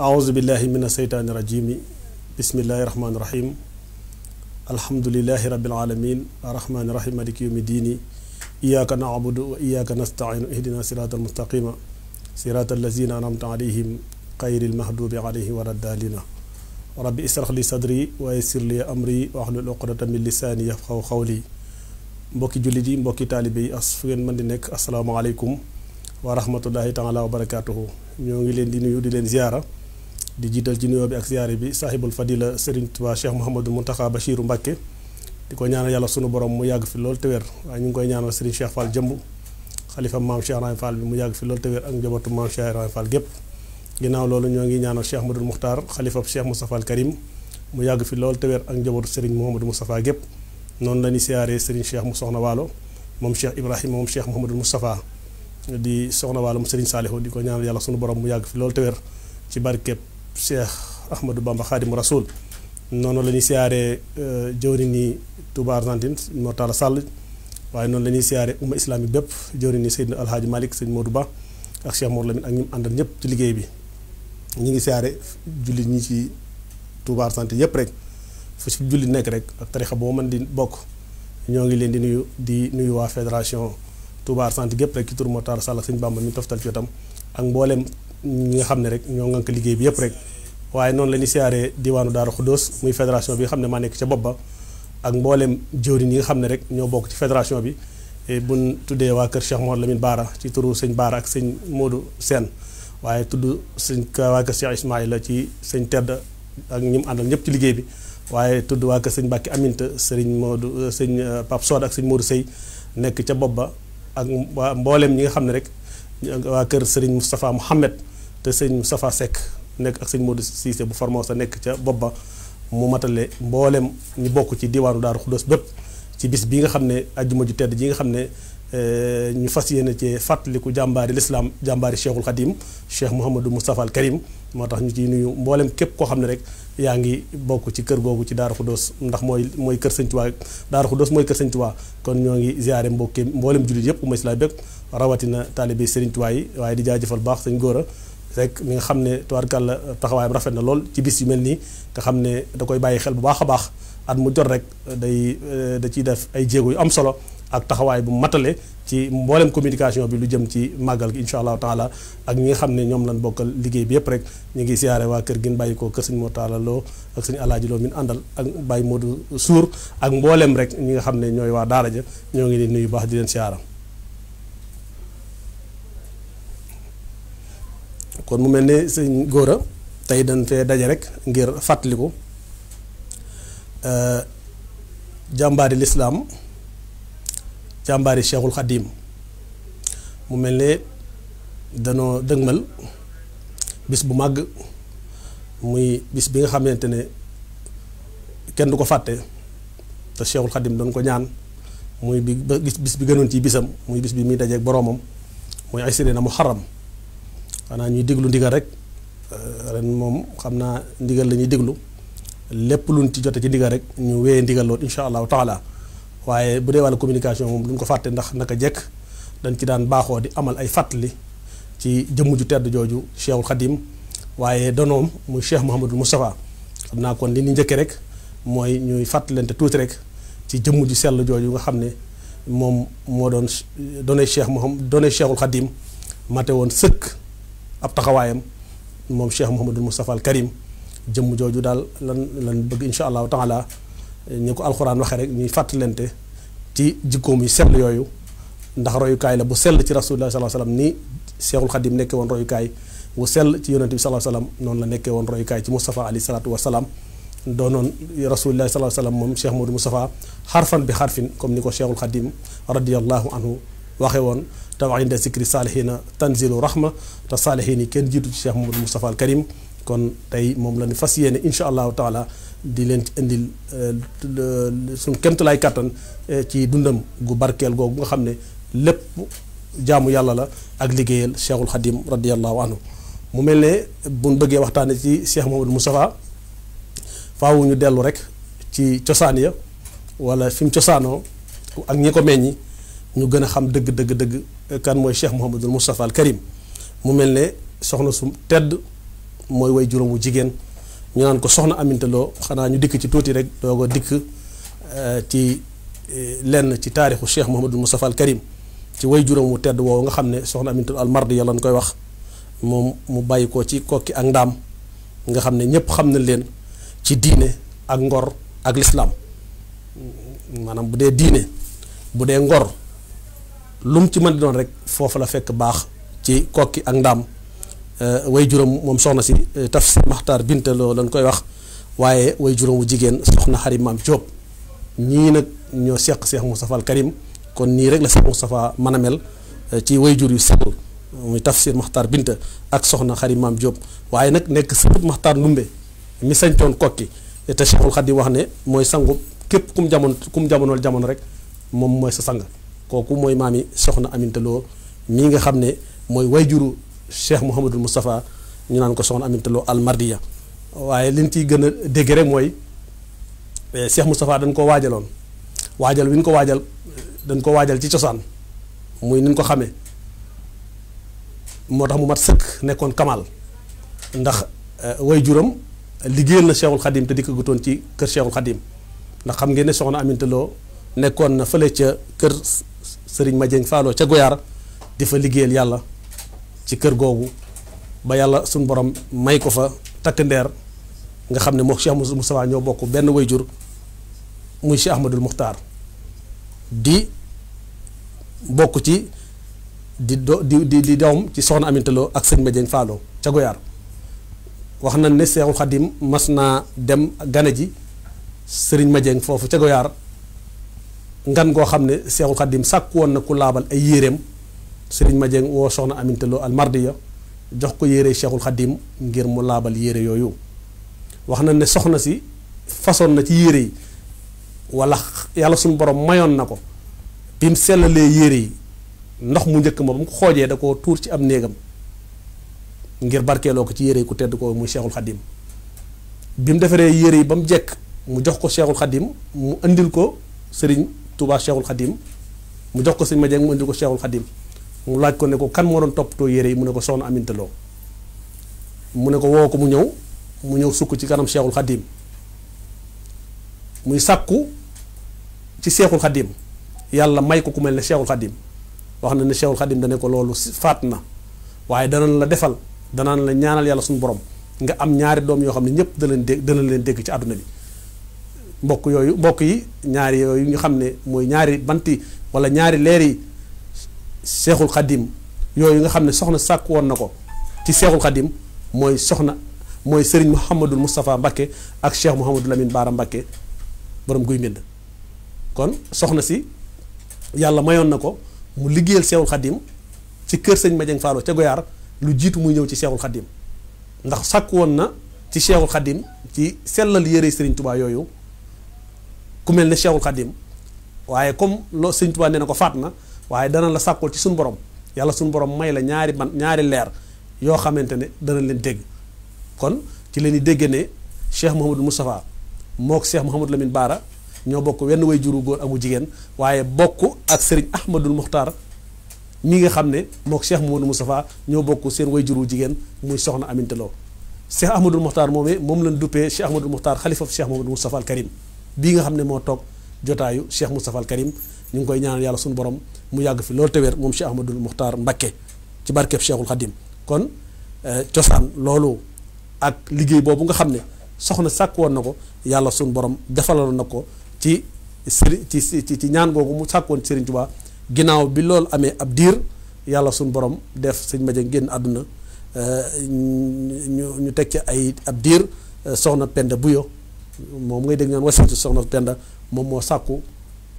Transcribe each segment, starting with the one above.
أعوذ بالله من الشيطان الرجيم بسم الله الرحمن الرحيم الحمد لله رب العالمين الرحمن الرحيم مالك يوم الدين إياك نعبد وإياك نستعين اهدنا الصراط المستقيم صراط الذين أنعمت عليهم غير المغضوب عليهم ولا الضالين رب اشرح لي صدري ويسر لي أمري واحلل عقدة من لساني يفقهوا قولي mbokki jullit yi mbokki taalibe yi as fu ngeen mën di nekk asalaamaaleykum wa rahmatullahi taala wa barakaatuhu ñoo ngi leen di nuyu di leen ziara di jiital ci nuyoo bi ak ziare bi sahibul fadila Serigne Touba Cheikh Mouhamadou Mountakha Bachirou Mbacké di ko ñaanal yàlla sunu borom mu yàgg fi loolu teweer ñu ngi koy ñaanal Serigne Cheikh Fall jëmb xalifa maam Cheikh Ibrahima bi mu yàgg fi lool te wér ak njabootu maam Cheikh Ibrahima gépp ginnaaw loolu ñoo ngi ñaanal Cheikh Ahmadoul Moukhtar xalifa Cheikh Moustapha Al Karim mu yàgg fi lool te wér ak njabootu Serigne Mouhamadou Moustapha gépp noonu la ñuy siyaaree Serigne Cheikh mu soxna Waalo moom Cheikh Ibrahima moom Cheikh Mouhamadou Moustapha di soxna wàllum Serigne Saliou di ko ñaanal yàlla sunu borom mu yàgg fi loolu te wér ci barkeb Cheikh Ahmadou Bamba Khadim Rasoul noonu la ñuy siyaaree euh, jëwri ni Touba Argentine Mor Talla Sall waaye noonu la ñuy siyaaree umma islamique bépp jëwri ni Seydina Alhaji malik Sëñ Modou Ba ak Cheikh la Lamine ak ñi mu àndal ñëpp ci liggéey bi ñu ngi siyaare jullit ñi ci Touba Argentine yëpp rek fu ci jullit nekk rek ak tarixa boo mën di bokk ñoo ngi leen di nuyu di nuyu waa fédération Touba Argentine gépp rek ci moo Mokhtar Sall ak sëñ Bamba mi toftal ci wetam ak mboolem ñi nga xam ne rek ñoo ngank liggéey bi yëpp rek waaye noonu la ñuy siyaaree diwaanu Daaru Xuddoos muy fédération bi nga xam ne ma nekk ca bopp ba ak mboolem jëwriñ yi nga xam ne rek ñoo bokk ci fédération bi eh, buñ tuddee waa kër Cheikh Mor Lamine Baara ci turu sëñ Baara ak sëñ Modou Sène waaye tudd sëñ waa kër Cheikh Ismaïla ci sëñ Tedd ak ñi mu àndal ñëpp ci liggéey bi waaye tudd waa kër sëñ Bàkki Aminta sëriñ Modou sëñ euh, Pape Sod ak sëñ Modou Sey nekk ca bopp ba ak waa mbooleem ñi nga xam ne rek waa kër Serigne Moustapha Mouhamed te Serigne Moustapha Seck nekk ak Serigne Modou Cissé bu sa nekk ca bopp ba mu matale mbooleem ñu bokk ci diwaanu Daaru Xuddoos bépp ci bis bi nga xam ne ajjuma ju tedd ji nga xam ne Euh, ñu fas yéene cee fàttaliku jàmbaari lislaam jàmbaari cheikhul xadim cheikh Mouhamadou Moustapha al Karim moo tax ñu ciy nuyu mboolem képp koo xam ne rek yaa ngi bokk ci kër googu ci Daara Khoudoss ndax mooy mooy kër Sëñ Tuubaa Daara Khoudoss mooy kër Sëñ Tuubaa kon ñoo ngi ziare mbokki mboolem jullit yëpp mas laa bépp rawatina taalibe Sëriñ Tuubaa yi waaye di jaajëfal baax sañ góora rek mi nga xam ne tubaarkàlla taxawaayam rafet na lool ci bis yu mel nii nga xam ne da koy bàyyi xel bu baax a baax at mu jot rek day euh, da ciy def ay jéego yu am solo ak taxawaay bu matale ci mbooleem communication bi lu jëm ci màggal gi incha allahu taala ak ñi nga xam ne ñoom lañ bokkal liggéey bi yëpp rek ñu ngi siyaare waa kër gin bàyyi ko kër sëñ Mortalla Lo ak sëñ Alaaji Lo min àndal ak Baye Modou Suur ak mbooleem rek ñi nga xam ne ñooy waa daara ñoo ngi leen nuyu baax di leen siyaara kon mu mel ne sëñ Góora tey dañ fee daje rek ngir fàttaliku euh, jàmbaari lislaam jàmbaari cheikhul xadim mu mel ne danoo dëgmal bis bu màgg muy bis bi nga xamante ne kenn du ko fàtte te cheikhul xadim doon ko ñaan muy bi bis bi gënoon ci bisam muy bis bi muy dajeeg boroomam muy mu muharram xanaa ñuy déglu ndigal rek euh, ren moom xam naa ndigal la ñuy déglu lépp luñ ci jot ci ndigal rek ñu wéyee ndigal lool allah allahu waaye bu dee wàllu communication moom duñ ko fàtte ndax naka jekk dañ ci daan baaxoo di amal ay fàttali ci jëmm ju tedd jooju Cheikhul Khadim waaye donoom muy Cheikh Mouhamadul Moustapha xam naa kon li ñu njëkkee rek mooy ñuy fàttalante tuuti rek ci jëmm ju sell jooju nga xam ne moom moo doon donné Cheikh Mouhamad donné Cheikhul Khadim mate woon sëkk ab taxawaayam moom Cheikh Mouhamadul Moustapha al Karim jëmm jooju daal lan lan bëgg incha allahu taala ñu ko alxuraan waxee rek ñuy fàttalante ci jikkoom yu sell yooyu ndax royukaay la bu sell ci rasulullah sallallahu alayhi wasallam ni Seexul Xadim nekkee woon royukaay bu sell ci yonente bi sallallahu alayhi noonu la nekkee woon royukaay ci Mustafa alayhi salaatu wasalaam doonoon rasulullah sallallahu alayhi wasallam moom Cheikh Modou Mustafa xarfan bi xarfin comme ni ko Cheikhul Xadim radiyallahu anhu waxee woon te wax ni inda sikri saalihiina tanzilu rahma te saalihiin yi kenn jiitu ci Cheikh Modou Mustafa al kon tey moom la fas yéene incha allahu taala di leen ci indil euh, suñ kemtalaay kàttan euh, ci dundam gu barkeel googu nga xam ne lépp jaamu yàlla la ak liggéeyal cheikhul xadim radiallahu anhu mu mel ne buñ bëggee waxtaane ci cheikh Mouhamadou Moustapha faawu ñu dellu rek ci cosaan ya wala fi mu cosaanoo ak ñi ko meññi ñu gën a xam dëgg dëgg dëgg kan mooy cheikh Mouhamadou Moustapha al Karim mu mel ne soxna su tedd mooy way juróomu jigéen ñu naan ko soxna Aminta Lo xanaa ñu dikk ci tuuti rek doog a dikk euh, ci euh, lenn ci taarixu Cheikh Mouhamadul Moustapha al Karim ci way juróomu tedd woowu nga xam ne soxna Aminta Lo al Mardiya lañ koy wax moom mu bàyyi ko ci kokki ak ndaam nga xam ne ñëpp xam nañ leen ci diine ak ngor ak lislaam maanaam bu dee diine bu dee ngor lum ci mën di doon rek foofu la fekk baax ci kokki ak ndaam Euh, way juróom moom soxna si euh, Tafsir Maxtaar Bintaloo lañ koy wax waaye way juróom wu jigéen soxna xarit maam Diop ñii nag ñoo seq Seex mu al Karim kon nii rek la Seex Moustapha mën a mel euh, ci way jur yu sell muy Tafsir Maxtaar Binta ak soxna xarit maam Diop waaye nag nekk sëriñ Maxtaar Ndumbe mi sañcoon kokki te Cheikhul Khadim wax ne mooy sangu képp kum jamono kum jamonool jamono rek moom mooy sa sang kooku mooy maami soxna Aminta mii nga xam ne mooy way juru Cheikh Mouhamadul Moustapha ñu naan ko soxna Aminta Lo almardiya waaye liñ ciy gën a dégg rek mooy eh, Cheikh Moustapha dañ ko waajaloon waajal wi ñu ko waajal dañ ko waajal ci cosaan muy ni ko xame moo tax mu mat sëkk nekkoon Kamal ndax eh, way juram liggéeyal na Cheikhul Khadim te dikk gutoon ci kër Cheikhul Khadim ndax xam ngeen ne soxna Aminta nekkoon na fële ca kër ma Madieng Fallou ca Goyaar di fa liggéeyal yàlla. ci kër googu ba yàlla suñu boroom may ko fa takk ndeer nga xam ne moo Cheikh Moustapha ñoo bokk benn jur muy Cheikh Ahmadul Muxtaar di bokk ci di do di di di doom ci soxna amintaloo ak sëñ Madiagne Fallou ca Goyaar wax na ne Seexul Xadim mas naa dem gane ji sëriñ Madiagne foofu ca Goyaar ngan goo xam ne Seexul Xadim sàkk woon na ku laabal ay yéreem Serigne Madieng woo soxna Aminta Lo almardiya jox ko yére Cheikhul Khadim ngir mu laabal yére yooyu wax na ne soxna si façon na ci yére yi wala yàlla suñu borom mayoon na ko bi mu sellalee yére yi ndox mu njëkk ma ba mu xoojee da ko tuur ci am néegam ngir barkeeloo ko ci yére yi ku tedd ko muy Cheikhul Khadim bi mu defaree yére yi ba mu jekk mu jox ko Cheikhul Khadim mu indil ko Serigne Touba Cheikhul Khadim mu jox ko Serigne Madieng mu indil ko Cheikhul Khadim mu laaj ko ne ko kan moo doon toppatoo yére yi mu ne ko soxna Aminta mu ne ko woo ko mu ñëw mu ñëw sukk ci kanam Cheikhul Khadim muy sàkku ci Cheikhul Khadim yàlla may ko ku mel ne Cheikhul Khadim wax na ne Cheikhul Khadim dana ko loolu faat na waaye danañ la defal danaan la ñaanal yàlla suñu borom nga am ñaari doom yoo xam ne ñëpp da leen dégg leen dégg ci àdduna bi mbokk yooyu mbokk yi ñaari yooyu ñu xam ne mooy ñaari banti wala ñaari leer yi seexul xadim yooyu nga xam ne soxna sàkk woon na ko ci seexul xaddim mooy soxna mooy sëriñ Mouhamadul mustafa Mbakke ak cheikh Mouhamadul Amin Baara Mbakke boroom guy mbind kon soxna si yàlla mayoon na ko mu liggéeyal seexul xadim ci kër sëñ Madieng Fallo ca Goyaar lu jiitu muy ñëw ci seexul xadim ndax sàkk woon na ci seexul xadim ci sellal yére sëriñ Touba yooyu ku mel ne seexul xadim waaye comme loo sëñ Touba nee na ko faat na. waaye dana la sàkkul ci suñu borom yàlla suñu borom may la ñaari man ñaari leer yoo xamante ne dana leen dégg kon ci leen di dégg ne Cheikh Mouhamadou Moustapha mook Cheikh Mouhamadou Lamine Baara ñoo bokk wenn way juru góor amu jigéen waaye bokk ak Serigne Ahmadul Muxtaar mi nga xam ne mook Cheikh Mouhamadou Moustapha ñoo bokk seen juru jigéen muy soxna Aminta Lo Cheikh Ahmadul moom lañ duppee Cheikh Ahmadul Muxtaar xalifaf Cheikh Mouhamadou Moustapha al Karim bii nga xam ne moo toog jotaayu Cheikh Moustapha al Karim ñu ngi koy ñaanal yàlla suñu borom mu yàgg fi loolu te wér moom Cheikh Ahmadul Muxtaar Mbakke ci barkeb Cheikhul Xadim kon euh, cosaan loolu ak liggéey boobu nga xam ne soxna sàkk woon na ko yàlla suñ borom defaloon na ko ci sëri ci ci ñaan googu mu sàkk woon Serigne Touba ginnaaw bi loolu amee ab diir yàlla suñu borom def sëñ Madiagne ngénn àdduna euh, ñu ñu teg ci ay ab diir euh, soxna Penda Buyo moom ngay dégg naan wasatu soxna Penda moom moo sàkku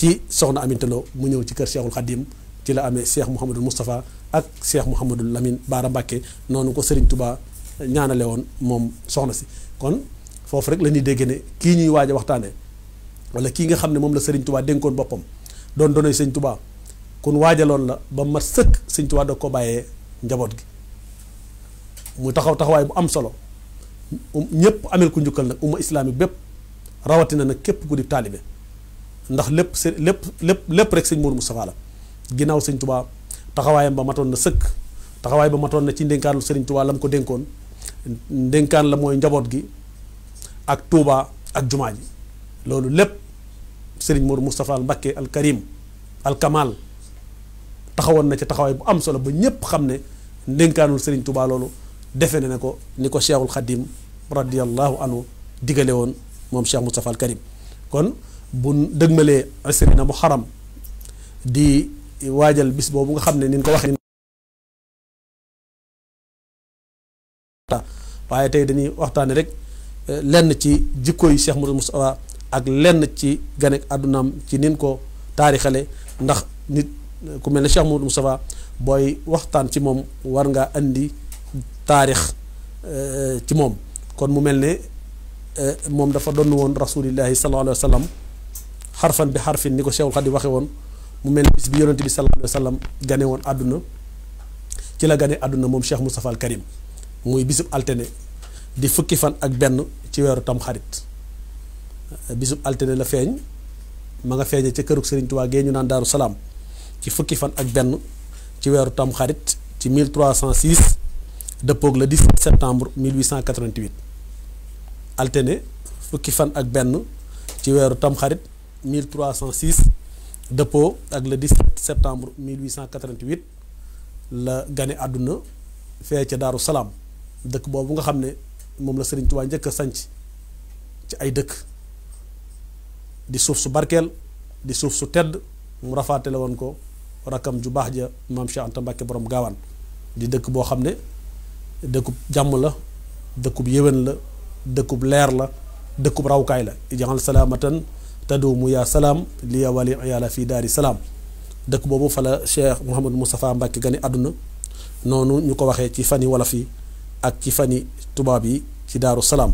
ci soxna Aminta mu ñëw ci kër Cheikhul Khadim ci la amee seex Mouhamadul Moustapha ak Cheikh Mouhamadul Lamine Baara Mbàkke noonu ko Serigne Touba ñaanale woon moom soxna si kon foofu rek la ñuy dégg ne kii ñuy waaj a waxtaanee wala kii nga xam ne moom la Serigne Touba dénkoon boppam doon donoy Sëñ tubaa kon waajaloon la ba mat sëkk Sëñ Touba da ko bàyyee njaboot gi mu taxaw taxawaay bu am solo um, ñëpp amel ku njukkal nag umma islaami bépp rawatina nag képp ku di taalibe ndax lépp së lépp lépp lépp rek sëñ Modou Moustapha la ginnaaw sëñ tubaa taxawaayam ba matoon na sëkk taxawaay ba matoon na ci ndénkaanul sëriñ Touba la mu ko dénkoon ndénkaan la mooy njaboot gi ak Touba ak jumaa loolu lépp sëriñ Modou Moustapha al Mbacké al Karim taxawoon na ci taxawaay bu am solo ba ñépp xam ne ndénkaanul sëriñ tubaa loolu defe na ne ko ni ko Cheikhul Khadim radiyallahu anhu digale woon moom Cheikh Moustapha al kon bu dëgmalee asrina mu xaram di waajal bis boobu nga xam ne ni ko waxee waaye tey dañuy waxtaane rek eh, lenn ci jikko yi Cheikh Mouhamadou ak lenn ci ganek àddunaam ci nin ko taarixale ndax nit eh, ku mel ne Cheikh Mouhamadou Moustapha booy waxtaan ci moom war nga andi taarix eh, ci moom kon mu mel ne moom dafa doon woon rasulillahi sallallahu alayhi wa xarfan bi xarfin ni ko Cheikhul Khadim waxe woon mu mel bis bi yonent bi sallallahu alayhi wa sallam woon àdduna ci la gane àdduna moom Cheikh Moustapha al Karim bisub altene di fukki fan ak benn ci weeru tam xarit bisub altene la feeñ ma nga feeñee ca kërug Serigne Touba gee ñu naan Daaru Salaam ci fukki fan ak benn ci weeru tam xarit ci 1306 dëppoog le 17 septembre 1888 altene fukki fan ak benn ci weeru tam mille trois cent 1306 dëppoo ak le di septembre 1888 la gane àdduna fee ca Daaru Salaam dëkk boobu nga xam ne moom la Serigne Touba njëkk a sanc ci ay dëkk di suuf su barkeel di suuf su tedd mu rafaatale woon ko rakkam ju baax ja maam Cheikh Anta Mbacke borom gaawaan di dëkk boo xam ne dëkkub jàmm la dëkkub yéwén la dëkkub leer la dëkkub rawkaay la ijaxal salaamatan taduumu yaa salaam liya yàlla fii daari salaam dëkk boobu fa la Cheikh Mouhamadou Moustapha Mbacke gane àdduna noonu ñu ko waxee ci fani wolof yi ak ci fani tubaab yi ci daaru salaam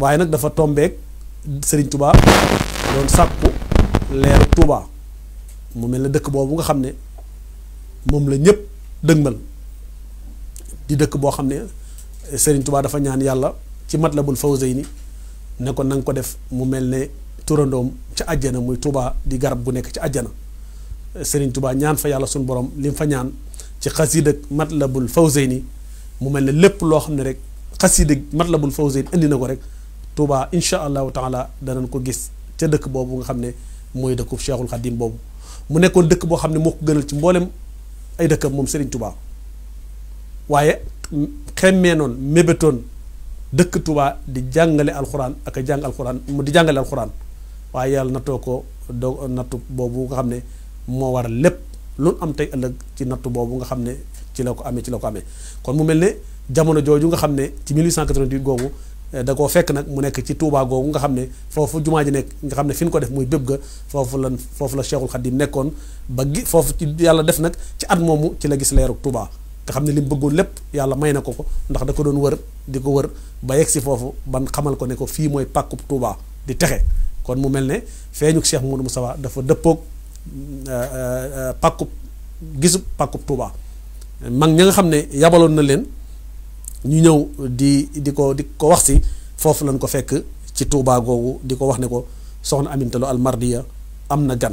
waaye nag dafa tombeek sëriñ tubaab doon sàkku leeru Touba mu mel ne dëkk boobu nga xam ne moom la ñëpp dëgmal di dëkk boo xam ne sëriñ Touba dafa ñaan yàlla ci mat la bul Matlabul Fawzayni ne ko na ko def mu mel ne. turandoom ca àjjana muy Touba di garab bu nekk ci àjjana sëriñ tubaa ñaan fa yàlla suñu borom li mu fa ñaan ci xasida Matlabul ni mu mel ne lépp loo xam ne rek xasida Matlabul Fawzayni indi na ko rek Touba incha allahu taala danañ ko gis ca dëkk boobu nga xam ne mooy dëkku Cheikhul Khadim boobu. mu nekkoon dëkk boo xam ne moo ko gënal ci mboolem ay dëkkam moom Serigne Touba waaye xemmee noon mébétoon dëkk tubaa di jàngale alxuraan ak a jàng alxuraan di jàngale alxuraan. waaye yàlla nattoo ko do nattu boobu nga xam ne moo war lépp lu am tey ëllëg ci nattu boobu nga xam ne ci la ko amee ci la ko amee kon mu mel ne jamono jooju nga xam ne ci 1888 googu eh, da koo fekk nag mu nekk ci Touba googu nga xam ne foofu jumaa ji nekk nga xam ne fi ñu ko def muy béb ga foofu lan foofu la Cheikhul Khadim nekkoon ba gi foofu ci yàlla def nag ci at moomu ci la gis leerug Touba nga xam ne li mu bëggoon lépp yàlla may na ko ko ndax da ko doon wër di ko wër ba yegg si foofu ban xamal ko ne ko fii mooy pàkkub Touba di texe kon mu mel ne feeñu feeñuk Cheikh Moudou Moustapha dafa dëppoog euh, euh, pàkkub gisub pàkkub Touba mag ña nga xam ne yabaloon na leen ñu ñëw di di ko di ko wax si foofu lañ ko fekk ci Touba googu di ko wax ne ko soxna Aminta Lo almardiya am na gan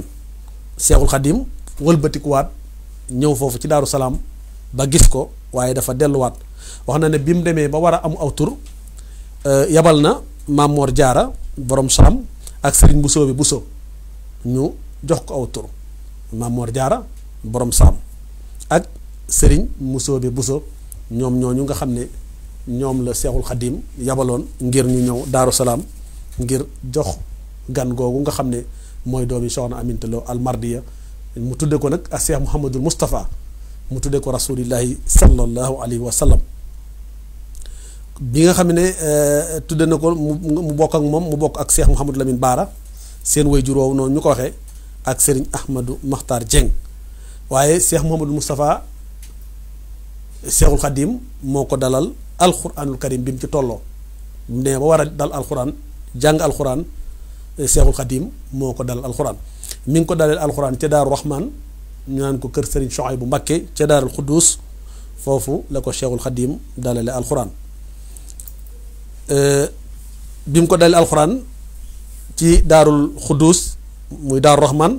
Cheikhul Khadim wëlbatikuwaat ñëw foofu ci Daaru Salaam ba gis ko waaye dafa delluwaat wax na ne bi mu demee ba war a am aw tur euh, yabal na Maam Moor Jaara borom Saam ak sëriñ Bousso bi Bousso ñu jox ko aw tur Maam Jaara borom saam ak sëriñ Bousso bi Bousso ñoom ñooñu nga xam ne ñoom la Seexul Xadim yabaloon ngir ñu ñëw Daaru Salaam ngir jox gan googu nga xam ne mooy doom doomi Soxna Aminta Lo Almardiya mu tudde ko nag ak Seex Muhammadul Moustapha mu tudde ko rasulillahi sallallahu alayhi wa sallam bi nga xam ne euh, tudde na ko mu bokk ak moom mu bokk ak Cheikh Mouhamadou Lamine Baara seen way juróom noonu ñu ko waxee ak Serigne Ahmadou Makhtar Dieng waaye Cheikh Mouhamadou Moustapha Cheikhul Khadim moo ko dalal alxuraanul karim bi mu ci tolloo mu ne ba war a dal alxuraan jàng alxuraan euh, Cheikhul Khadim moo ko dalal alxuraan mi ngi ko dalal alxuraan ca Daaru Rahman ñu naan ko kër Serigne Chouaïbou bu Mbakke ca Daarul Xuddus foofu la ko Cheikhul Khadim dalale alxuraan. Euh, bi mu ko dalee alxuraan ci daarul xudduus muy daaru raxmaan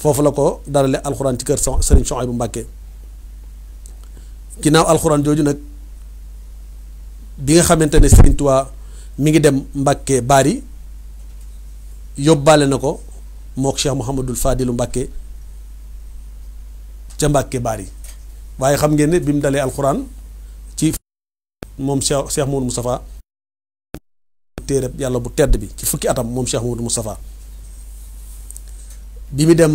foofu la ko dalalee alxuraan ci kër Serigne bu Mbacké ginnaaw alxuraan jooju nag bi nga xamante ne Serigne Touba mi ngi dem Mbacké Bari yóbbaale na ko mook Cheikh Mouhamadul Fadilu Mbacké ca Mbacké Bari waaye xam ngeen ne bi mu dalee alxuraan. moom Cheikh Cheikh Mouhamadou Moustapha téereb yàlla bu tedd bi ci fukki atam moom Cheikh Mouhamadou Moustapha bi mu dem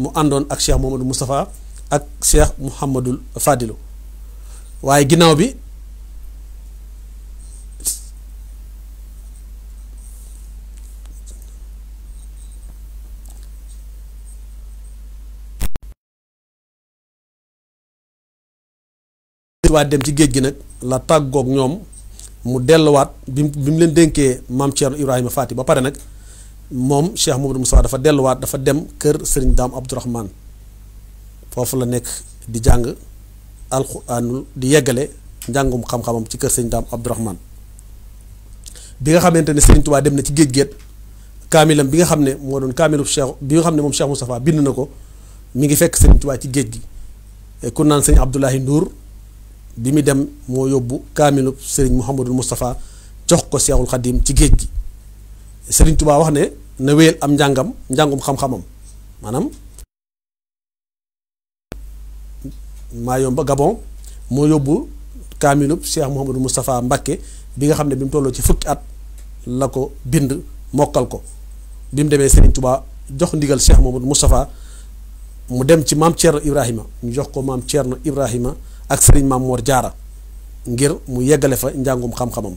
mu àndoon ak Cheikh Mouhamadou Moustapha ak Cheikh Mouhamadul Fadilu waaye ginnaaw bi delluwaat dem ci géej gi nag la tàggoog ñoom mu delluwaat bi bi mu leen dénkee maam Thierno Ibrahima Fati ba pare nag moom Cheikh Mouhamadou Moussa dafa delluwaat dafa dem kër Serigne Dame Abdourahmane foofu la nekk di jàng alxuraanul di yeggale njàngum xam ci kër Serigne Dame Abdourahmane bi nga xamante ne Serigne Touba dem na ci géej géej kaamilam bi nga ne moo doon kaamilu Cheikh bi nga xam ne moom Cheikh Moustapha bind na ko mi ngi fekk Serigne Touba ci géej gi ku naan sëñ Abdoulahi Ndour bi mu dem moo yóbbu kaamilu sëriñ Mouhamadul Moustapha jox ko Seexul ci géej gi sëriñ Tuubaa wax ne na am njàngam njàngum xam maanaam maa yomba Gabon moo yóbbu kaamilub Cheikh Mouhamadou Moustapha Mbacké bi nga xam ne bi mu tolloo ci fukki at la ko bind mokkal ko bi mu demee Serigne Touba jox ndigal Cheikh Mouhamadou Moustapha mu dem ci maam Thierno Ibrahima ñu jox ko maam Thierno Ibrahima ak sëriñ Maam Mor Jaara ngir mu yeggale fa njàngum xam-xamam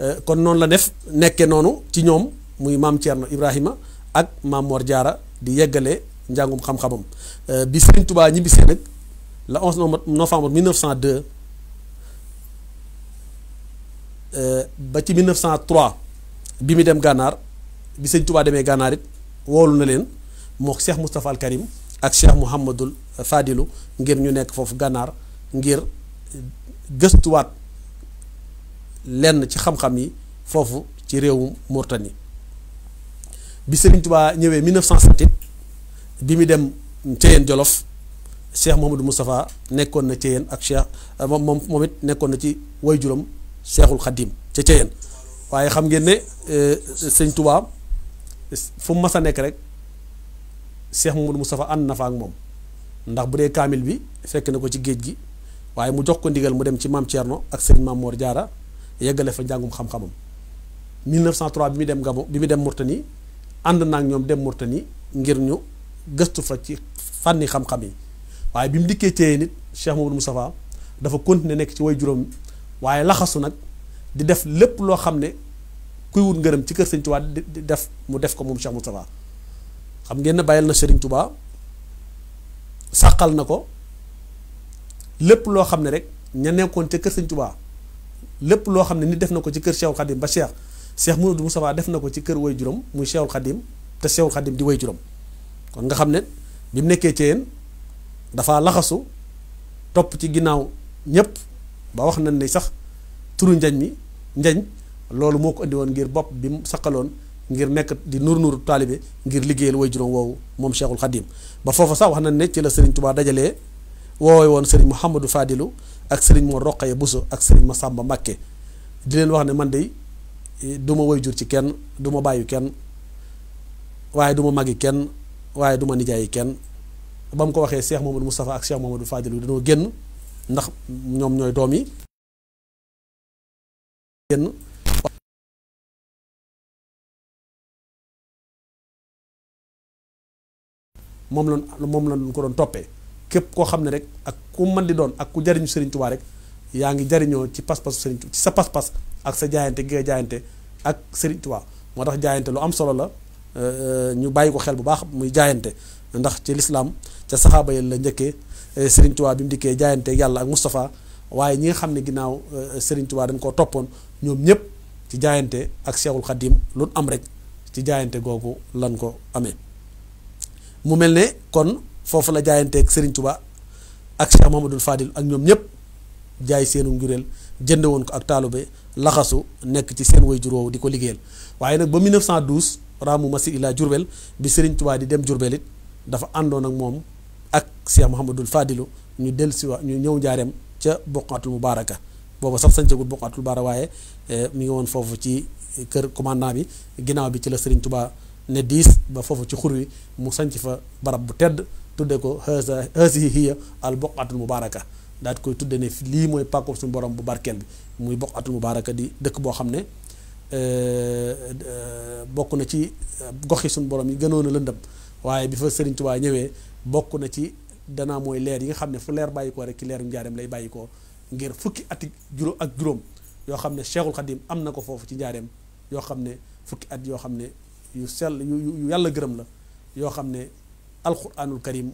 euh, kon noonu la def nekke noonu ci ñoom muy maam Thierno Ibrahima ak maam Mor Jaara di yeggale njàngum xam-xamam euh, bi sëriñ Touba ñibbisee nag la 11 novembre 1902 euh, ba ci 1903 bi mu dem gànnaar bi sëriñ tubaa demee gànnaar woolu na leen moo Cheikh Moustapha Al ak Cheikh Mouhamadul Fadilu ngir ñu nekk foofu gànnaar ngir gëstuwaat lenn ci xam-xam yi foofu ci réewum mortani bi Serigne Touba ñëwee 1907 bi mu dem Thièyène Jolof Cheikh Mouhamadou Moustapha nekkoon na Thièyène ak Cheikh euh, moom moom it nekkoon na ci juróom Cheikhul Khadim ca Thièyène waaye xam ngeen ne euh, Serigne Touba fu mu a nekk rek. Cheikh Mamadou Moustapha ànd na fa ak moom ndax bu dee kaamil bi fekk na ko ci géej gi waaye mu jox ko ndigal mu dem ci maam Thierno ak sëriñ maam Mor Diarra yeggale fa njàngum xam-xamam 1903 bi mu dem Gabon bi mu dem Mauritanie ànd na ak ñoom dem Mauritanie ngir ñu gëstu fa ci fànni xam yi waaye bi mu dikkee téye nit Cheikh Mamadou Moustapha dafa continuer nekk ci way juróom waaye laxasu nag di def lépp loo xam ne kuy wut ngërëm ci kër Sëñ Tuubaa di di def mu def ko moom Cheikh Moustapha xam ngeen ne bàyyil na Serigne Touba sàqal na ko lépp loo xam ne rek ña nekkoon ca kër lépp loo xam ne ni def na ko ci kër Cheikhul Khadim ba Cheikh Cheikh Mouhamadou Moustapha def na ko ci kër way juróom muy Cheikhul Khadim te Cheikhul Khadim di way juróom kon nga xam ne bi mu nekkee ci yéen dafa laxasu topp ci ginnaaw ñépp ba wax nañ ne sax turu njañ mi njañ loolu moo ko indi woon ngir bopp bi mu saqaloon ngir nekk di nur nuru taalibe ngir liggéeyal way juróom woowu moom cheikhul xadim ba foofu sax wax na ne ci la sëriñ tubaa dajalee woowee woon sëriñ mouhamadou fadilu ak sëriñ moo roqaye buso ak sëriñ masamba mbàkke di leen wax ne man de eh, du ma way jur ci kenn du ma bàyyi kenn waaye duma magi kenn waaye du ma nijaayi kenn ba mu ko waxee cheikh mamadou moustapha ak cheikh mamadou fadilu dañoo génn ndax ñoom ñooy doom yi moom la moom la ko doon toppee képp koo xam ne rek ak ku man di doon ak ku jariñu Serigne Touba rek yaa ngi jariñoo ci pas-pas Serigne ci sa pas-pas ak sa jaayante gi nga ak Serigne moo tax jaayante lu am solo la euh, ñu bàyyi ko xel bu baax muy jaayante ndax ci lislaam ca saxaaba yi la njëkkee euh, Serigne Touba bi jaayante yàlla ak Moustapha waaye ñi nga xam ne ginnaaw euh, Serigne Touba dañ koo toppoon ñoom ñëpp ci jaayante ak Cheikhul Khadim lu am rek ci jaayante googu lan ko amee mu mel ne kon foofu la jaayanteek sëriñ tubaa ak Cheikh Mahamadul Fadil ak ñoom ñëpp jaay seenu njureel jënd woon ko ak taalube laxasu nekk ci seen way juróow di ko liggéeyal waaye nag ba 1912 ma si Ila Jurbel bi Serigne Touba di dem Jurbel it dafa àndoon ak moom ak Cheikh Mahamadul Fadilu ñu del si ñu ñëw njaareem ca Boqatul Mubaraka booba sax sañcagul Boqatul Mubaraka waaye eh, mi ngi woon foofu ci kër commandant bi ginnaaw bi ci la Serigne ne diis ba foofu ci xur wi mu sanc fa barab bu tedd tudde ko haasa haasihi hiya al boqatul mubaraka daal di koy tudde ne lii mooy pàkku suñu borom bu barkeel bi muy bokk boqatul mubaraka di dëkk boo xam ne euh, euh, bokk na ci goxi suñu borom yi gënoon a lëndëm waaye bi fa Sëriñ Tuubaa ñëwee bokk na ci danaa mooy leer yi nga xam ne fu leer bàyyi koo rek ci leeru njaareem lay bàyyi koo ngir fukki ati juróom ak juróom yoo xam ne Cheikhul Khadim am na ko foofu ci njaareem yoo xam ne fukki at yoo xam ne yu sell yu yàlla gërëm la yoo xam ne alquranul karim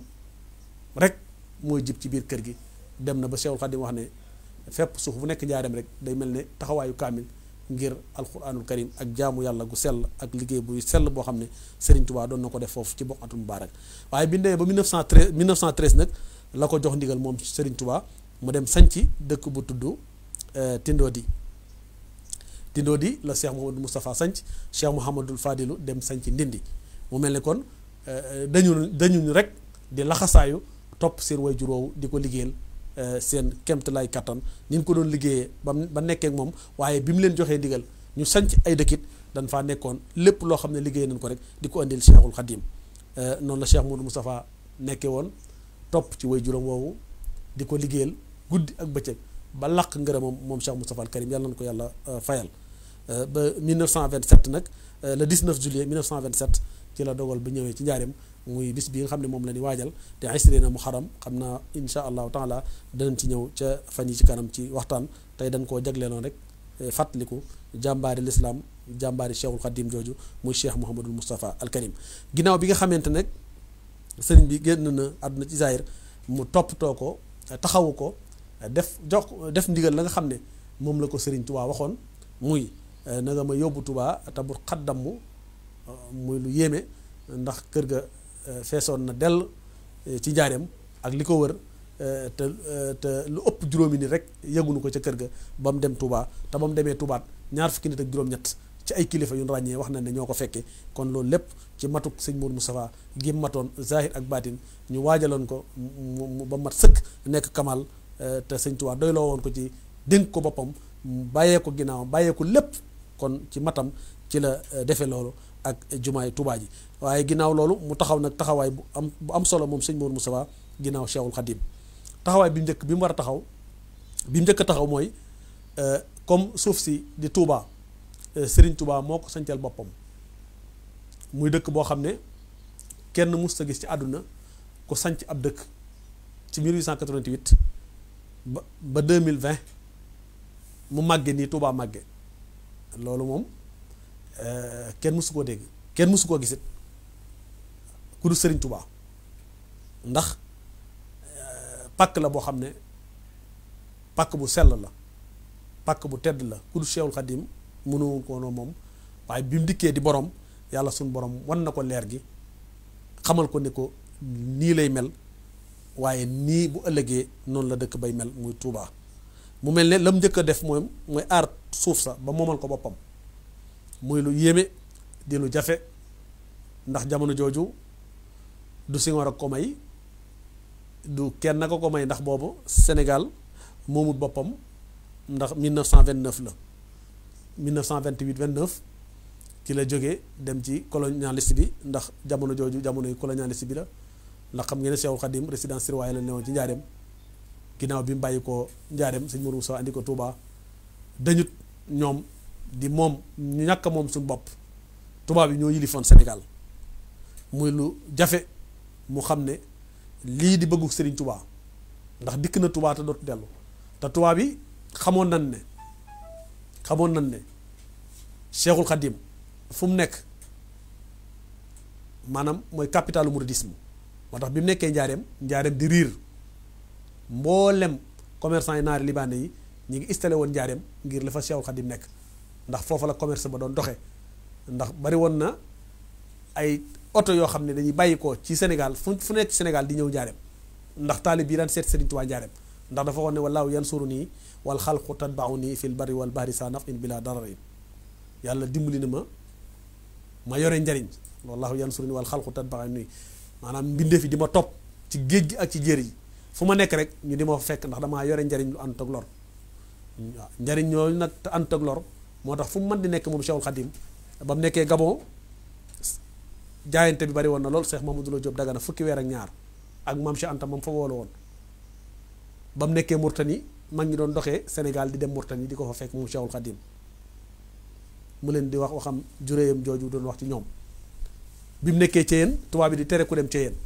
rek mooy jib ci biir kër gi dem na ba Seexul Xadim wax ne fepp suuf bu nekk njaareem rek day mel ne taxawaayu kaamil ngir alquranul karim ak jaamu yàlla gu sell ak liggéey buy sell boo xam ne Serigne Touba doon na ko def foofu ci boqatul mubaarak waaye bi ñu ba 1913 1913 nag la ko jox ndigal moom Serigne Touba mu dem sanc dëkk bu tudd euh, Tindodi di la Cheikh Mouhamadou Moustapha sanc Cheikh Mouhamadul Fadilu dem sanc Ndindi mu mel ne kon euh, euh, dañu dañuñu rek di laxasaayu topp seen way juróow di ko liggéeyal euh, seen kemtalaay kattan ni ñu ko doon liggéeyee ba ba nekkeek moom waaye bi mu leen joxee ndigal ñu sanc ay dëkkit dañ faa nekkoon lépp loo xam ne liggéey nañ ko rek di ko andil Cheikhul Khadim noonu la Cheikh Mouhamadou Moustapha nekke woon topp ci way juróom woowu di ko liggéeyal guddi ak bëccëg ba lakk ngërëmam moom Cheikh Moustapha al Karim yàlla na ko yàlla fayal Euh, ba 1927 nag euh, le 19 juillet 1927 ci la dogal bu ñëwee ci njaareem muy bis bi nga xam ne moom la ñu waajal te asriina muharram xam naa incha allahu taala danañ ci ñëw ca fan yi kanam ci waxtaan tey dañ koo jagleeloon rek euh, fàttaliku jàmbaari lislaam jàmbaari cheikhul xadim jooju muy cheikh Mouhamadul Moustapha al Karim ginnaaw bi nga xamante nag sëriñ bi génn na àdduna ci zaahir mu toppatoo ko taxawu ko def jox def ndigal la nga xam ne moom la ko sëriñ waa waxoon muy. Eh, na nga ma yóbbu tubaa te bu xaddam eh, muy lu yéeme ndax kër ga eh, feesoon na dell ci njaareem ak li ko wër te te lu ëpp juróomi nii rek yëgunu ko ca kër ga ba mu dem tubaa te ba mu demee Toubaat ñaar fukki nit ak juróom-ñett ci ay kilifa yu ñu ràññee wax na ne ñoo ko fekkee kon loolu lépp ci matuk sëñ Mourou Moustapha gi matoon zahir ak baatin ñu waajaloon ko mu ba mat sëkk nekk Kamal te sëñ Touba doyloo woon ko ci dénk ko boppam bàyyee ginnaaw bàyyee ko lépp. kon ci matam ci la euh, defe loolu ak jumaay Tuubaa ji waaye ginnaaw loolu mu taxaw nag taxawaay bu am bu am solo moom sëñ Mor Moustapha ginnaaw Cheikhul Khadim taxawaay bi mu njëkk bi mu war a taxaw bi mu njëkk a taxaw mooy euh, comme suuf si di Touba euh, Serigne Touba moo ko boppam muy dëkk boo xam ne kenn mus sa gis ci àdduna ko sanc ab dëkk ci 1888 ba ba 2020 mu màgge nii tubaa màggee loolu moom euh, kenn mësu koo dégg kenn mësu koo gisit ku du sëriñ tubaa ndax euh, pàkk la boo xam ne pàkk bu sell la pàkk bu tedd la ku du Seexul Xadiim mënu ko noonu moom waaye bi mu dikkee di borom yàlla suñu borom wan na ko leer gi xamal ko ne ko nii lay mel waaye nii bu ëllëgee noonu la dëkk bay mel muy tuubaa mu mel ne lam njëkk a def moom mooy aar suuf sa ba moomal ko boppam muy lu yéeme di lu jafe ndax jamono jooju du Senghor ak ko may du kenn ko ko may ndax boobu Sénégal moomut boppam ndax 1929 la 1928 29 ci la jógee dem ci colonialiste bi ndax jamono jooju jamono yi colonialiste bi la ndax xam ngeen ne Cheikh Khadim résidence surveillée la newoon ci Njaareem ginnaaw bi mu bàyyi ko njaareem sëñ Mourou Moussa andi ko tubaa dañut ñoom di moom ñu ñàkk moom suñu bopp tubaab bi ñoo yilifoon senegal muy lu jafe mu xam ne lii di bëggu Serigne tubaa ndax dikk na Touba te dootu dellu te tubaa bi xamoon nan ne xamoon nan ne Cheikhul Khadim fu mu nekk maanaam mooy capitalu mouridisme moo tax bi mu nekkee njaareem njaareem di riir mboolem commerçant yi naari libaane yi ñu ngi installé woon njaareem ngir dafa sew Seexul Xadim nekk ndax foofa la commerce ba doon doxe ndax bari woon na ay oto yoo xam ne dañuy bàyyi ko ci Sénégal fu fu nekk Sénégal di ñëw njaareem ndax taalib bii daan seet Sëriñ Tuubaa njaareem ndax dafa waxoon ne wallaahu yansuru nii wal xalqu tatbau nii fil bari wal bahri saa naf in bila dararin yàlla dimbali na ma ma yore njariñ wallaahu yansuru nii wal xalqu tatbau nii maanaam mbindeef ma topp ci géej gi ak ci jéer yi fu ma nekk rek ñu di ma fa fekk ndax damaa yore njariñ lu ànd ak lor waaw njariñ loolu nag te ànd lor moo tax fu mu mën di nekk moom Cheikhul Khadim ba mu nekkee Gabon jaayante bi bari woon na lool Cheikh Mamadou Lo Diop Dagana fukki weer ak ñaar ak maam Cheikh moom fa woolu woon mu nekkee Mourtani mag ñi doon doxee Sénégal di dem Mourtani di ko fa fekk moom Cheikhul Khadim mu leen di wax waxam juréeyam jooju doon wax ci ñoom bi mu nekkee Thiéyène tubaab bi di tere ku dem Thiéyène